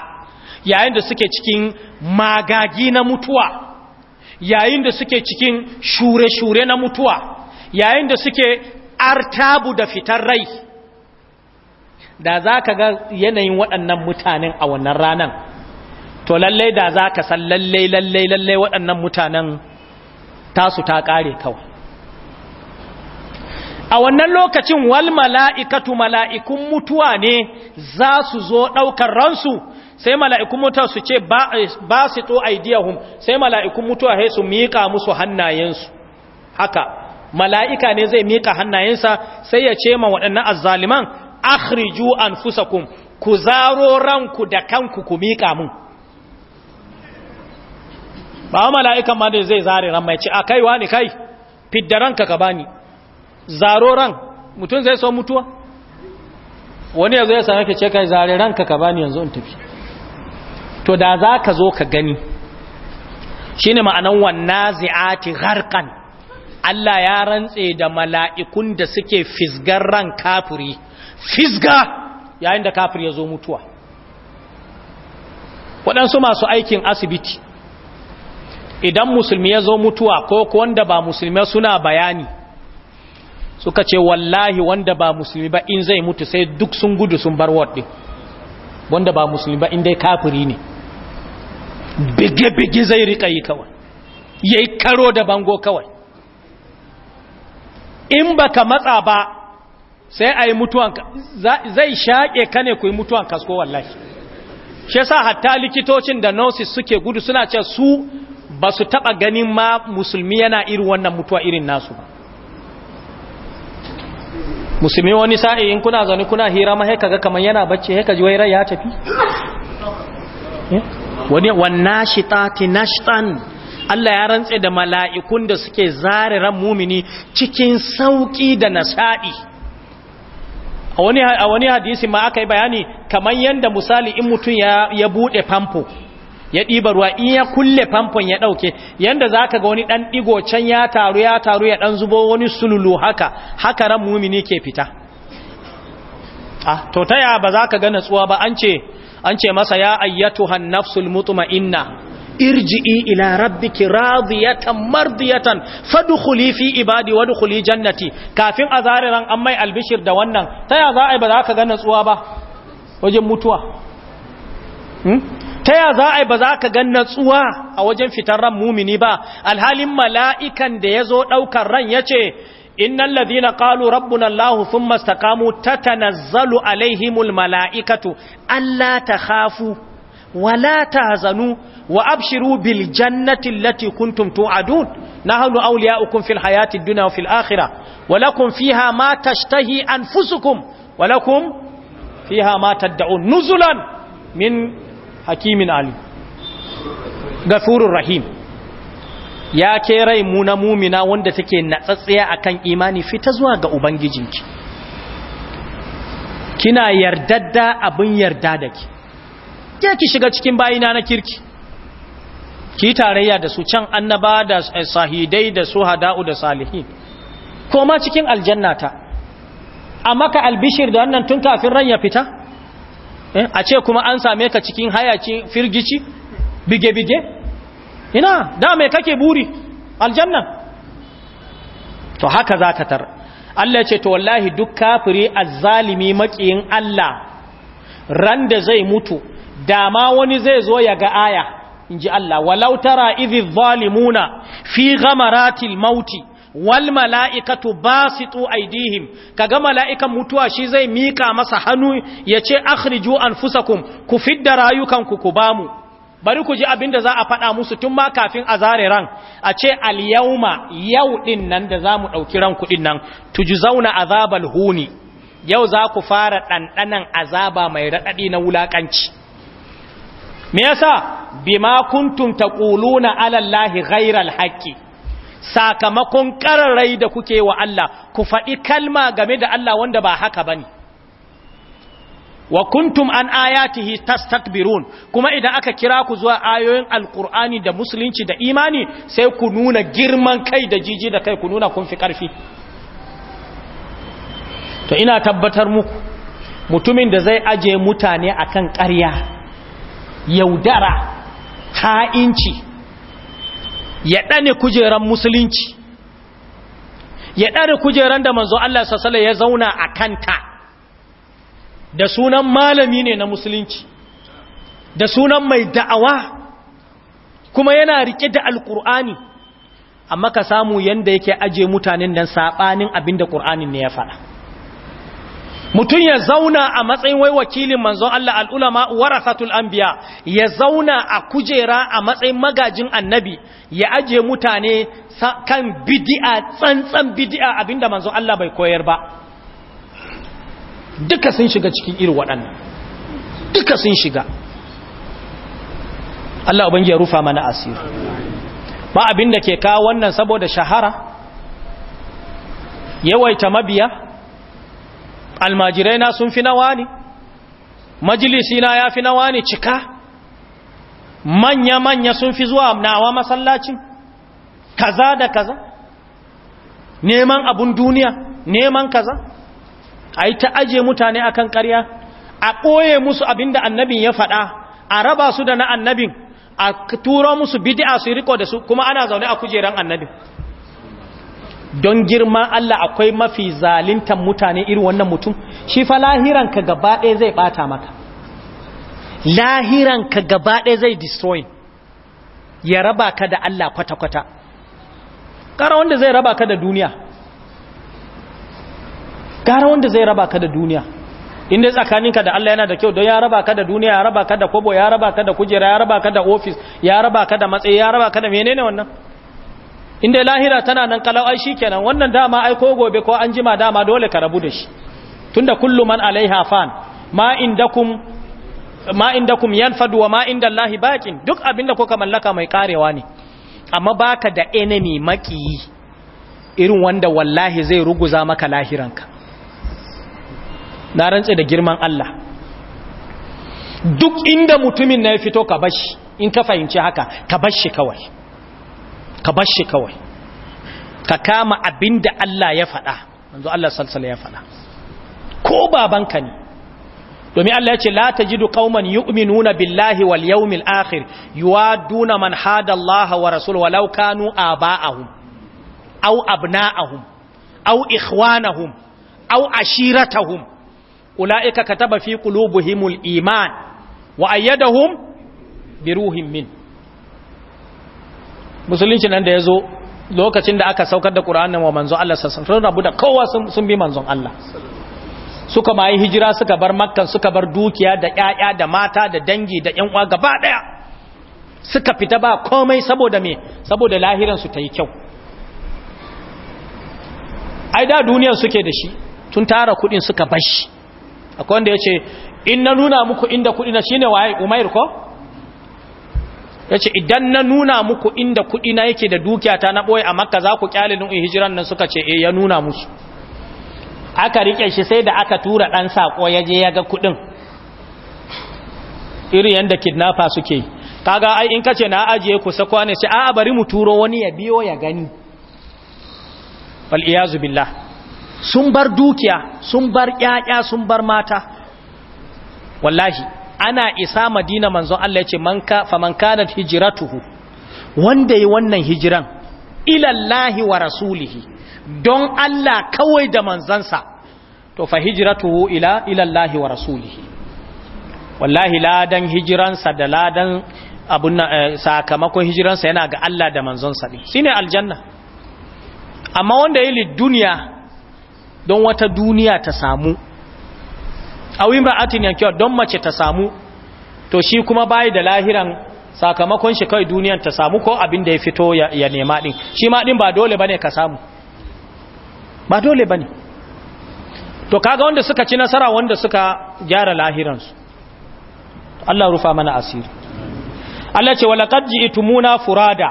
yayin da suke cikin magagi na mutuwa yayin da suke cikin shure-shure na mutuwa yayin da suke artabu da fitar rai da za ka ga yanayin waɗannan mutanen a wannan ranan to lallai da za ka san lallai lallai lallai waɗannan mutanen tasu ta ƙare kawai a wannan lokacin wal mala'ikatu mala'ikun mutuwa ne za su zo ɗaukar ransu sai mala'ikun mutuwa su ce ba su to aidiyahum sai mala'ikun mutuwa sai su miƙa musu hannayensu haka mala'ika ne zai miƙa hannayensa sai ya ce ma waɗannan azzaliman akhriju anfusakum ku zaro ranku da kanku ku miƙa mun ba wa mala'ikan ma da zai zare ran mai ci a kai wani kai fidda ranka ka bani zaro ran mutum zai so mutuwa wani yanzu ya sami ka ce kai zare ranka ka bani yanzu in tafi to da za ka zo ka gani shi ne ma'anan wanna zi'ati harkan Allah ya rantse da mala'ikun da suke fisgar ran kafuri fisga yayin da kafir ya zo mutuwa waɗansu masu aikin asibiti idan musulmi ya zo mutuwa ko wanda ba musulmi suna bayani suka ce wallahi wanda ba musulmi ba in zai mutu sai duk sun gudu sun bar waɗi wanda ba musulmi ba in dai kafiri ne bige-bige zai riƙa yi kawai ya yi karo da bango kawai in baka matsa ba sai a yi mutuwan zai shaƙe ka ne ku yi mutuwan kasko wallahi shi sa hatta likitocin da nurses suke gudu suna ce su ba su taɓa ganin ma musulmi yana irin wannan mutuwa irin nasu ba musulmi wani sa'i in kuna zane kuna hira ma haika ga kamar yana bacci haika ji rai ya tafi eh? wani wannan shitati nashtan Allah ya rantse da mala'ikun da suke zare ran mumini cikin sauƙi da nasa'i a wani hadisi ma aka yi bayani kamar yadda misali in mutum ya, ya buɗe famfo ya ɗiba ruwa in ya kulle famfon ya ɗauke yadda za ka ga wani ɗan ɗigo can ya taru ya taru ya ɗan zubo wani sululu haka haka ran mumini ke fita to ta ya ba za ka ga natsuwa ba an ce masa ya ayyatu hannafsul mutuma inna irji'i ila rabbiki radiyatan mardiyatan fadkhuli fi ibadi wadkhuli jannati kafin azariran an mai albishir da wannan ta ya za a yi ba za ka ga natsuwa ba wajen mutuwa hmm? ta ya za a yi ba za ka gan natsuwa a wajen fitar ran mumini ba alhalin mala'ikan da ya zo ɗaukar ran ya ce innan lazina ƙalu rabbun allahu sun mastakamu ta tanazzalu alaihimul mala'ikatu allah ta hafu wala zanu wa abshiru bil jannati allati kuntum tu'adun nahnu awliya'ukum fil hayati dunya wa fil akhirah wa lakum fiha ma tashtahi anfusukum wa lakum fiha ma tad'un nuzulan min hakimin alim gafurur rahim ya ke rai mu na mumina wanda take natsatsiya akan imani fita zuwa ga ubangijinki kina yardadda abin yarda da ki ke ki shiga cikin bayina na kirki ki tarayya da su can annaba da eh, sahidai da su hada'u da salihin koma cikin aljannata amma ka albishir da wannan tun kafin ran ya fita eh, a ce kuma an same ka cikin hayaci firgici bige-bige ina da mai kake buri aljanna to haka za ka tar Allah ce to wallahi duk kafiri azzalimi makiyin Allah ran da zai mutu dama wani zai zo ya ga aya in ji Allah walau tara idhi zalimuna fi ghamaratil mauti wal mala'ikatu basitu aidihim kaga mala'ikan mutuwa shi zai mika masa hannu yace akhriju anfusakum ku fidda rayukanku ku bamu bari ku ji abinda za a faɗa musu tun ma kafin a zare ran a ce al-yauma yau din nan da zamu dauki ran ku din nan tujzauna azabal huni yau za ku fara ɗanɗanan azaba mai raɗaɗi na wulaƙanci me yasa bima kuntum taquluna ala llahi ghairal haqqi sakamakon ƙararrai da kuke wa Allah ku faɗi kalma game da Allah wanda ba haka bane ne wa kuntum an ayatihi tastakbirun kuma idan aka kira ku zuwa ayoyin Alƙur'ani da musulunci da imani sai ku nuna girman kai da jiji da kai ku nuna kun fi ƙarfi to ina tabbatar muku mutumin da zai aje mutane akan ƙarya yaudara ha'inci ya ɗane kujeran musulunci ya ɗane kujeran da manzo Allah sassala ya zauna a kanta da sunan malami ne na musulunci da sunan mai da'awa kuma yana rike da alƙur'ani amma ka samu yadda yake aje mutanen nan saɓanin abinda ƙur'anin ne ya faɗa mutum ya zauna a matsayin wai wakilin manzon Allah al'ulama warasatul anbiya ya zauna a kujera a matsayin magajin annabi ya ajiye mutane kan bidi'a tsantsan bidi'a abinda manzon Allah bai koyar ba duka sun shiga cikin irin waɗannan duka sun shiga Allah ubangi ya rufa mana asiri ba abinda ke kawo wannan saboda shahara yawaita mabiya almajirai na sun fi nawa ne majalisi na ya fi nawa ne cika manya-manya sun fi zuwa nawa masallacin kaza da kaza neman abun duniya neman kaza a yi ta aje mutane akan karya a ɓoye musu abinda annabin ya faɗa a raba su da na annabin a turo musu bidi'a su riko da su kuma ana zaune a kujeran annabin don girma Allah akwai mafi zalintan mutane irin wannan mutum shi fa lahiranka gaba ɗaya zai ɓata maka lahiranka gaba ɗaya zai destroy ya raba ka da Allah kwata-kwata ƙara wanda zai raba ka da duniya ƙara wanda zai raba ka da duniya inda tsakaninka da Allah yana da kyau don ya raba ka da duniya ya raba ka da kobo ya raba ka da kujera ya raba ka da ofis ya raba ka da matsayi ya raba ka da menene wannan inda lahira tana nan kalau ai shikenan wannan dama ai ko gobe ko an jima dama dole ka rabu da shi tunda kullu man alaiha fan ma indakum ma indakum yanfadu wa ma indallahi baqin duk abinda kuka mallaka mai karewa ne amma baka da enemy maki irin wanda wallahi zai ruguza maka lahiranka na rantse da girman Allah duk inda mutumin na ya fito ka bashi in ka fahimci haka ka bashi kawai ka bar shi kawai ka kama abin da Allah ya faɗa manzo Allah salsala ya faɗa ko babanka ne domin Allah ya ce la tajidu qauman yu'minuna billahi wal yawmil akhir yuwaduna man hada Allah wa rasuluhu walau kanu aba'ahum aw abna'ahum aw ikhwanahum aw ashiratahum ulaika kataba fi qulubihimul iman wa ayyadahum biruhin min musulunci nan da ya zo lokacin da aka saukar da ƙura'anin wa manzon Allah sassan rabu da kowa sun bi manzon Allah suka ma hijira suka bar makka suka bar dukiya da ƴaƴa da mata da dangi da ƴan uwa gaba ɗaya suka fita ba komai saboda me saboda lahiran su tayi kyau ai da duniyar suke da shi tun tara kuɗin suka bar shi akwai wanda yace in na nuna muku inda kuɗi na shine waye umair ko Yace, idan na nuna muku inda na yake da dukiya ta na ɓoye a makka za ku ƙyale nun hijiran nan suka ce eh ya nuna musu aka rike shi sai da aka tura ɗan sako ya je ya ga kuɗin irin yanda kidnapper suke kaga ai in kace na ajiye ku sako ne sai a'a bari mu turo wani ya biyo ya gani wal iyazu billah sun bar dukiya sun bar ƴaƴa sun bar mata wallahi ana isa madina manzon Allah ya ce manka faman kanat hijratuhu wanda yi wannan hijiran ilallahi wa rasulihi don Allah kawai da manzansa to fa hijratuhu ila ilallahi wa rasulihi wallahi ladan hijiransa da ladan abun eh, sakamakon hijiransa yana ga Allah da manzansa. ne shine aljanna amma wanda yi duniya don wata duniya ta samu awi ma'atin yankiwa don mace ta samu to shi kuma bayi da lahiran sakamakon shi kawai duniyan ta samu ko abin da ya fito ya nema din shi ma din ba dole bane ka samu ba dole bane to kaga wanda suka ci nasara wanda suka gyara lahiransu Allah rufa mana asiri Allah ce walaqad ji'tumuna furada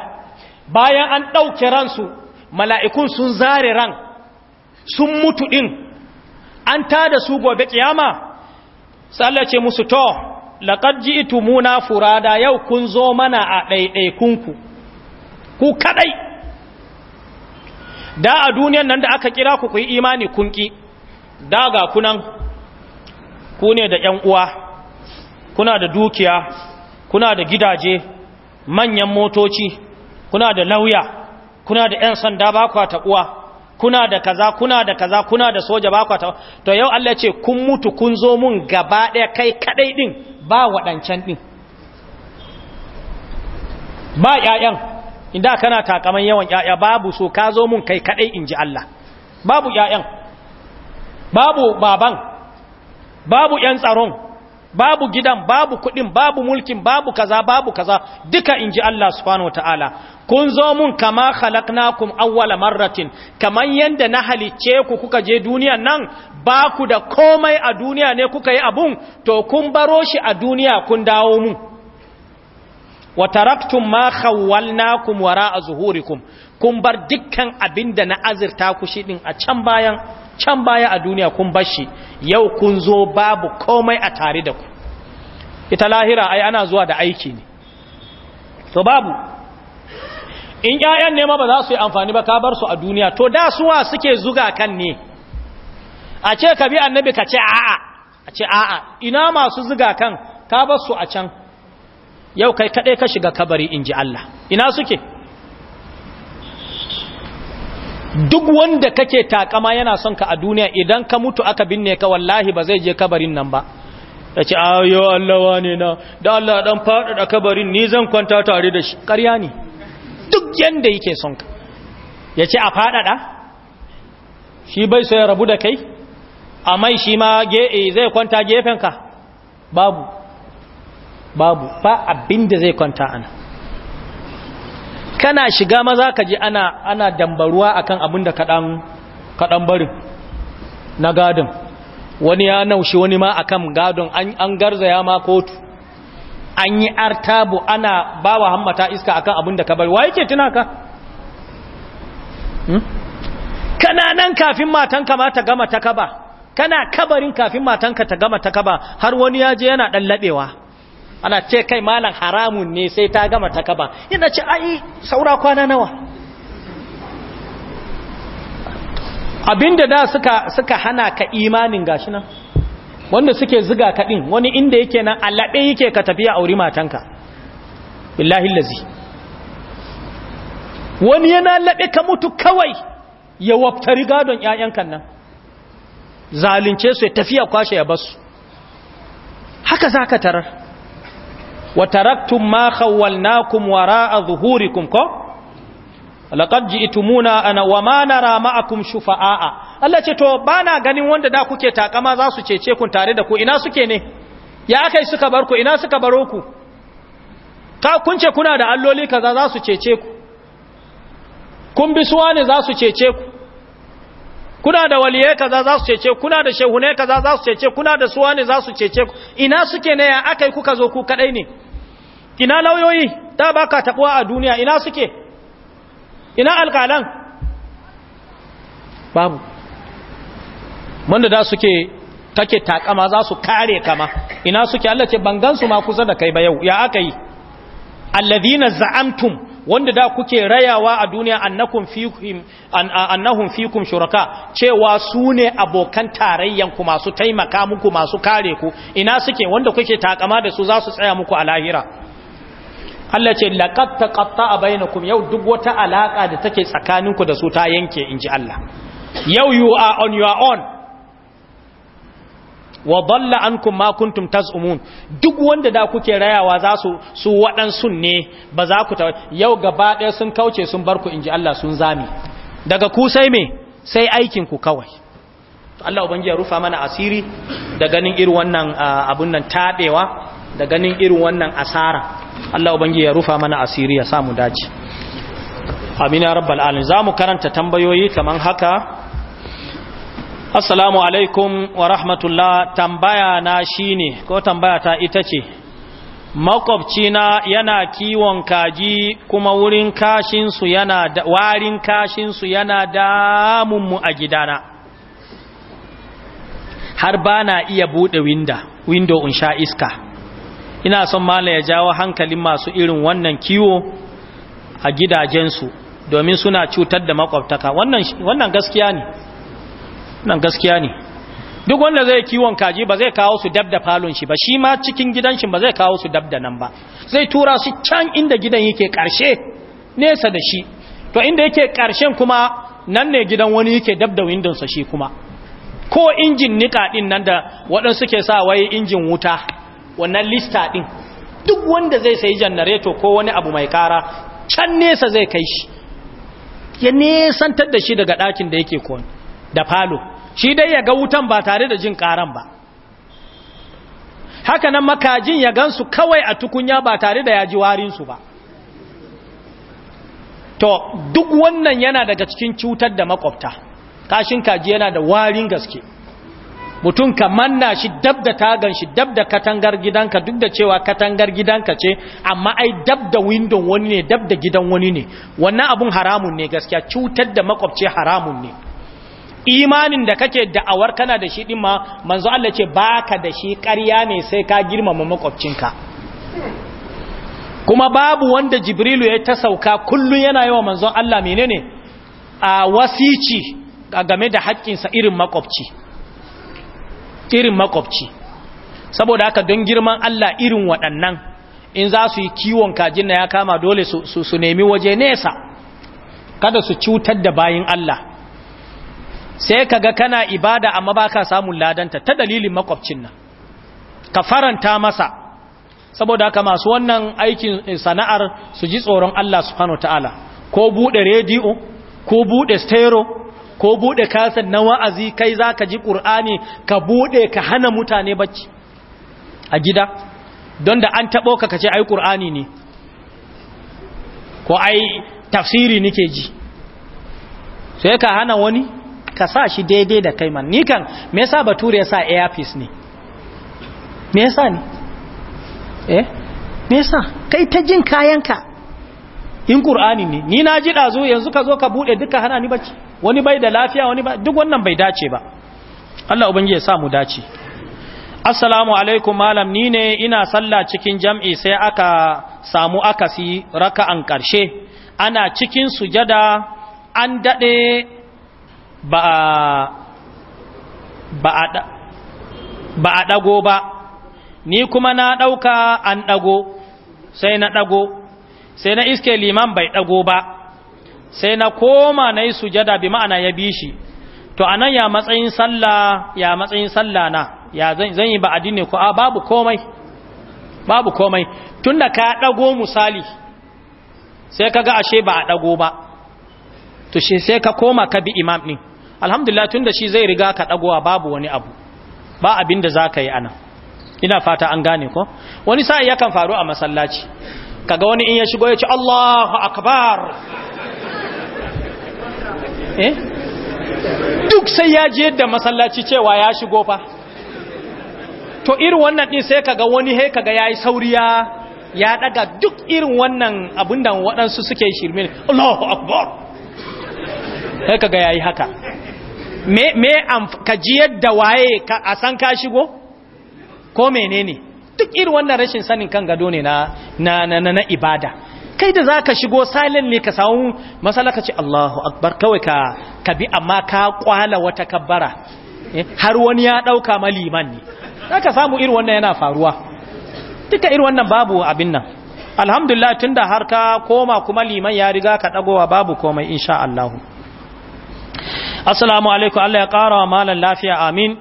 bayan an dauke ransu mala'ikun sun zare ran sun mutu din an tada su gobe kiyama sai ce musu to laqad ji'tumuna furada yau kun zo mana a ɗaiɗaikunku ku kaɗai. da a duniyan nan da aka kira ku ku yi imani kunki da ga kunan ku ne da 'yan uwa kuna da dukiya kuna da gidaje manyan motoci kuna da lauya kuna da 'yan sanda ba kwa kuna da kaza kuna da kaza kuna da soja ba ku to yau Allah ce kun mutu kun zo mun gaba ɗaya kai kadai din ba waɗancan din ba yayan inda kana takaman yawan yaya babu so ka zo mun kai kadai inji Allah babu ƴaƴan babu baban babu 'yan tsaron babu gidan babu kudin babu mulkin babu kaza babu kaza duka inji Allah subhanahu wataala kun zo mun kama khalaqnakum awwala marratin kaman yanda na halicce ku kuka je duniya nan ba ku da komai a duniya ne kuka yi abun to kun baro shi a duniya kun dawo mu wa taraktum ma khawwalnakum wara'a zuhurikum kun bar dukkan abin da na azurta ku shi din a can bayan can baya a duniya kun bar shi yau kun zo babu komai a tare da ku ita lahira ai ana zuwa da aiki ne to babu in ƴaƴan nema ma ba za su yi amfani ba ka bar su a duniya to da suwa suke zuga kan ne a ce ka bi annabi ka ce a'a a ce a'a ina masu zuga kan ka bar su a can yau kai kaɗai ka shiga kabari in ji Allah ina suke duk wanda kake takama yana son ka a duniya idan ka mutu aka binne ka wallahi ba zai je kabarin nan ba ya ce ayo ah, Allah wane na da Allah dan faɗaɗa kabarin ni zan kwanta tare da shi ƙarya ne duk yanda yake son ka ya ce a faɗaɗa shi bai so ya rabu da kai mai shi ma eh, zai kwanta gefenka babu babu ba abinda zai kwanta ana kana shiga maza ka ji ana ana dambaruwa akan abin da kaɗan kaɗan barin na gadon wani ya naushi wani ma akan gadon an, an garzaya ma kotu an yi artabu ana ba wa hammata iska akan abin da ka bari wa yake tuna ka hmm? kana nan kafin matanka ma ta gama ta kaba kana kabarin kafin matanka ta gama ta kaba har wani ya je yana ɗan laɓewa ana ce kai malam haramun ne sai ta gama ta kaba ina ce ai saura kwana nawa abinda da suka suka hana ka imanin gashi nan wanda suke ziga ka din wani inda yake nan alabe yake ka tafiya aure matanka billahi lazi wani yana labe ka mutu kawai ya waftari gadon ƴaƴankan nan Zalince su ya tafiya kwashe ya basu haka zaka tarar wa taraktum ma khawwalnakum wara'a zuhurikum ko laqad ji'tumuna ana wa ma nara ma'akum shufa'a Allah ce to bana ganin wanda da kuke takama za su cece ku tare da ku ina suke ne ya kai suka bar ku ina suka baro ku ka kunce kuna da alloli kaza za su cece ku kun bi suwa ne za su cece ku kuna da waliye kaza za su cece kuna da shehune kaza za su cece kuna da suwa ne za su cece ku ina suke ne ya akai kuka zo ku kadai ne ina lauyoyi da baka tabuwa a duniya ina suke ina alƙalan babu wanda da suke take takama za su kare kama ina suke Allah ce bangan su ma kusa da kai ba yau ya aka yi alladhina za'amtum wanda da kuke rayawa a duniya annakum fikum annahum fikum shuraka cewa su ne abokan tarayyan ku masu taimaka muku masu kare ku ina suke wanda kuke takama da su za su tsaya muku a lahira Allah ce laqad taqatta'a bainakum yau duk wata alaƙa da take tsakaninku da su ta yanke inji Allah yau you are on your own wa dalla ankum ma kuntum tazumun duk wanda da kuke rayawa za su su waɗansun ne ba za ku ta yau gaba ɗaya sun kauce sun barku inji Allah sun zame daga ku sai me sai aikin ku kawai Allah ubangi ya rufa mana asiri da ganin irin wannan ah, abun nan tabewa da ganin irin wannan asara Allah ubangi ya rufa mana asiri ya samu dace amina rabbal alamin zamu karanta tambayoyi kaman haka assalamu alaikum wa rahmatullah tambaya na shine ko tambaya ta ita ce makwabcina yana kiwon kaji kuma wurin kashin su yana da warin su yana mu a gidana har bana na iya buɗe window in sha iska ina son mala ya jawo hankalin masu irin wannan kiwo a gidajensu domin suna cutar da makwabtaka wannan gaskiya ne wannan gaskiya ne duk wanda zai kiwon kaji ba zai kawo su dab da falon shi ba shi ma cikin gidan shi ba zai kawo su dab da nan ba zai tura su can inda gidan yake karshe nesa da shi to inda yake karshen kuma nan ne gidan wani yake dab da windonsa shi kuma ko injin nika ɗin nan da waɗansu ke sa wai injin wuta wannan lista ɗin duk wanda zai sayi janareto ko wani abu mai kara can nesa zai kai shi ya nesantar da shi daga ɗakin da yake kone da falo shi dai ya ga wutan ba tare da jin karan ba haka nan makajin ya gansu kawai a tukunya ba tare da ya ji warinsu ba to duk wannan yana daga cikin cutar da makwabta kashin kaji yana da warin gaske mutum ka manna shi dab da tagan shi dab da katangar gidanka duk da cewa katangar gidanka ce amma ai dab da windon wani ne dab da gidan wani ne wannan abun haramun ne gaskiya cutar da makwabci haramun ne imanin da kake da'awar kana da shi din ma manzo Allah ce baka da shi ƙarya ne sai ka girmama makwabcinka kuma babu wanda jibrilu ya ta sauka kullum yana yawa manzon Allah menene a wasici game da haƙƙinsa irin makwabci irin makwabci saboda haka don girman Allah irin waɗannan in za su yi kiwon kajin na ya kama dole su nemi waje nesa kada su cutar da bayin Allah sai ka ga kana ibada amma ba ka samun ladanta ta dalilin makwabcin nan ka faranta masa saboda haka masu wannan aikin eh, sana'ar su ji tsoron Allah subhanahu ta'ala ko buɗe rediyo ko buɗe stereo ko buɗe kasan na wa'azi kai za ka ji qur'ani ka buɗe ka hana mutane bacci a gida don da an taɓo ka kace ai qur'ani ne ko ai tafsiri nike ji sai ka hana wani ka sa shi daidai da kai man nikan me yasa bature ya sa earpiece ne me yasa ne eh me yasa kai ta jin kayanka in qur'ani ne ni na ji dazo yanzu ka zo ka buɗe duka hana ni bacci wani bai da lafiya wani ba duk wannan bai dace ba Allah ubangiji ya sa mu dace assalamu alaikum malam ni ne ina sallah cikin jam'i sai aka samu akasi raka'an karshe ana cikin sujada an dade ba ba ba a dago ba ni kuma na dauka an dago sai na dago sai na iske liman bai dago ba sai na koma na yi sujada bi ma'ana ya bi shi to anan ya matsayin sallah ya matsayin sallah na ya zan yi ba'adi ne ko a babu komai babu komai tunda ka dago misali sai kaga ashe ba a ɗago ba to shi sai ka koma ka bi imam din alhamdulillah tunda shi zai riga ka ɗagowa babu wani abu ba abin da zaka yi anan ina fata an gane ko wani sai yakan faru a masallaci kaga wani in ya shigo ya ci Allahu akbar Eh? duk sai ya ji yadda masallaci cewa ya shigo fa to irin wannan din sai kaga wani sai kaga yayi sauriya ya daga duk irin wannan abinda waɗansu suke shirme Allahu akbar sai kaga yayi haka me me ka ji yadda waye ka a san ka shigo ko menene duk irin wannan rashin sanin kan gado ne na, na, na ibada kai da za ka shigo salin ne ka samu matsala ce allahu akbar kawai ka bi amma ka kwala wata kabbara eh, har wani ya ɗauka maliman ne za ka samu irin wannan yana faruwa duka irin wannan babu abin nan alhamdulillah tun da har ka koma kuma liman ya riga ka ɗagowa babu komai insha allahu assalamu alaikum allah ya ƙara wa malan lafiya amin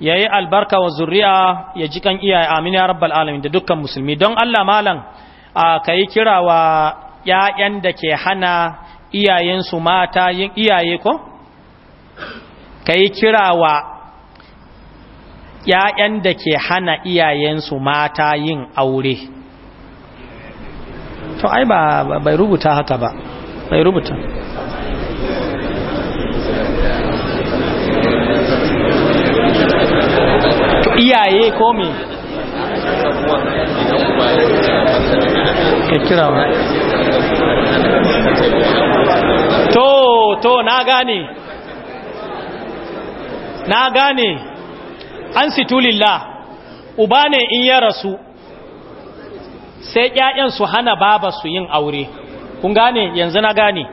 ya yi albarka wa zuri'a ya ji kan iyaye amin ya rabbal alamin da dukkan musulmi don Allah malam ka yi kira wa ‘ya'yan da ke hana iyayensu mata yin iyaye ko? ka yi kira wa ‘ya'yan da ke hana iyayensu mata yin aure to ai ba bai rubuta haka ba bai rubuta iyaye ko me kira wa to to na gane na gane an situlillah uba ne in ya rasu sai ƴaƴan su hana baba su yin aure kun gane yanzu na gane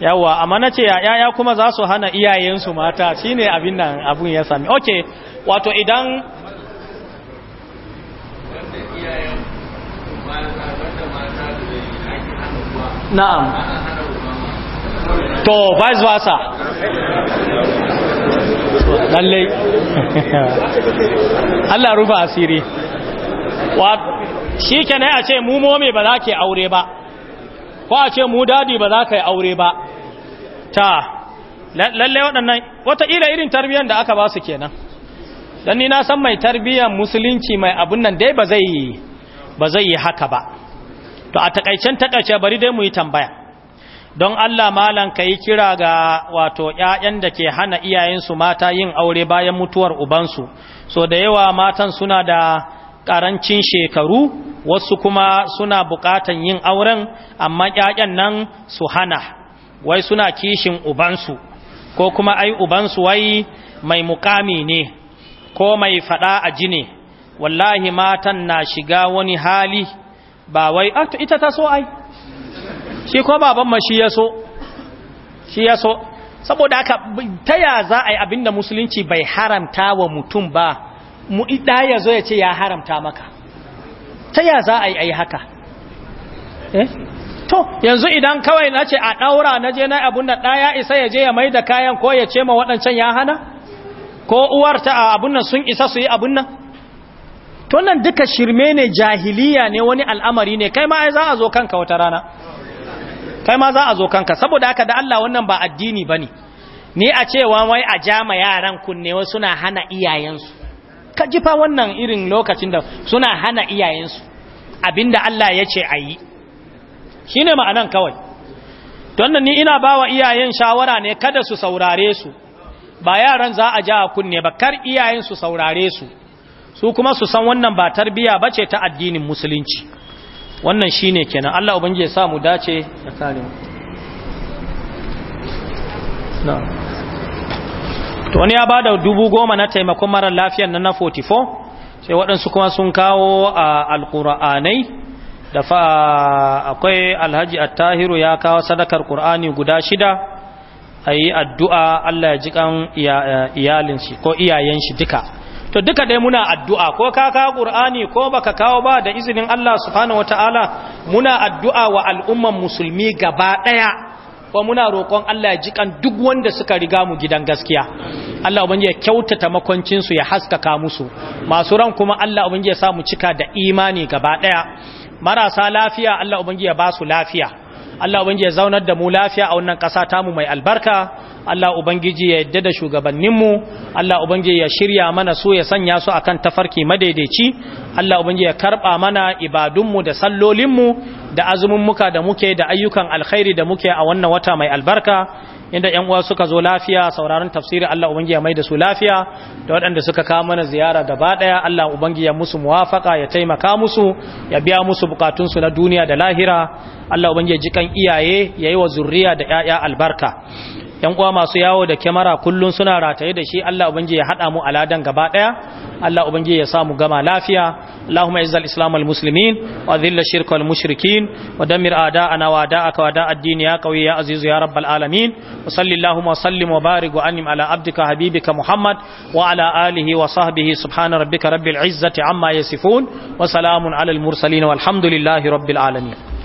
yawa amma na ce yaya kuma za su hana iyayensu mata shine abin nan abun ya sami okay wato idan na'am to vice versa lallai Allah rufa asiri shi ke a ce mu momi ba za ke aure ba ko a ce mu dadi ba za ka yi aure ba ta lallai waɗannan wataƙila irin tarbiyyar da aka ba su kenan don ni na san mai tarbiyyar musulunci mai abun nan dai ba zai yi haka ba to a takaicen takaice bari dai mu yi tambaya don Allah malan ka yi kira ga wato ƴaƴan da ke hana iyayensu mata yin aure bayan mutuwar ubansu so da yawa matan suna da ƙarancin shekaru wasu kuma suna buƙatan yin auren amma ƴaƴan nan su hana wai suna kishin ubansu ko kuma ai ubansu wai mai mukami ne ko mai faɗa a jini wallahi matan na shiga wani hali ba wai ah, ita ta so ai shi ko baban ma shi ya so shi ya so saboda haka ta ya za a yi abinda musulunci bai haramta wa mutum ba mu ɗa ya zo ya ce ya haramta maka ta ya za a yi a yi haka eh? to yanzu idan kawai na ce a ɗaura na je na abin da ɗaya isa ya je ya mai da kayan ko ya ce ma waɗancan ya hana ko uwar ta abun nan sun isa su yi abun nan to nan duka shirme ne jahiliya ne wani al'amari ne kai ma za a zo kanka wata rana kai ma za a zo kanka saboda haka da Allah wannan ba addini bane ni a cewa wai a jama yaran kunne wai suna hana iyayensu ka jifa wannan irin lokacin da suna hana iyayensu abinda Allah ya ce ayi shine ma'anan kawai don nan ni ina bawa iyayen shawara ne kada su saurare su ba yaran za a ja kunne ba kar iyayen su saurare su su kuma su san wannan ba tarbiya ba ce ta addinin musulunci wannan shi ne kenan Allah ubangiji ya sa mu dace da kare to wani ya ba da dubu goma na taimakon mara lafiyar na na 44 sai waɗansu kuma sun kawo a alƙura'anai da fa akwai alhaji attahiru ya kawo sadakar ƙur'ani guda shida a yi addu'a Allah ya ji kan ko iyayen shi duka to duka dai muna addu'a ko ka kawo ƙur'ani ko baka kawo ba da izinin Allah subhanahu wataala muna addu'a wa al'umman musulmi gaba ɗaya ko muna roƙon Allah ya jikan duk wanda suka riga mu gidan gaskiya Allah ubangi ya kyautata makoncinsu ya haskaka musu masu ran kuma Allah ubangi ya sa mu cika da imani gaba ɗaya marasa lafiya Allah ubangi ya ba su lafiya Allah ubangiji ya zaunar da mu lafiya a wannan ƙasa tamu mai albarka Allah ubangiji ya yadda da shugabanninmu Allah ubangiji ya shirya mana su ya sanya su akan tafarki madaidaici Allah ubangiji ya karba mana ibadunmu da sallolinmu da azumin muka da muke da ayyukan alkhairi da muke a wannan wata mai albarka inda yan uwa suka zo lafiya sauraron tafsiri Allah ubangi ya da su lafiya da waɗanda suka kawo mana ziyara gaba ɗaya Allah ubangi ya musu muwafaka ya taimaka musu ya biya musu su na duniya da lahira Allah ubangi ya ji kan iyaye yayi wa zurriya da ƴaƴa albarka yan uwa masu yawo da kyamara kullun suna rataye da shi Allah ubangiji ya hada mu aladan gaba daya Allah ubangiji ya samu gama lafiya Allahumma izzal islamal al muslimin wa dhilla shirka al mushrikin wa damir a'da'ana wa da'aka wa da'a din ya qawi ya azizu ya rabbal alamin wa sallallahu wa sallim wa barik wa anim ala abdika habibika muhammad wa ala alihi wa sahbihi subhana rabbika rabbil izzati amma yasifun wa salamun alal mursalin walhamdulillahi rabbil alamin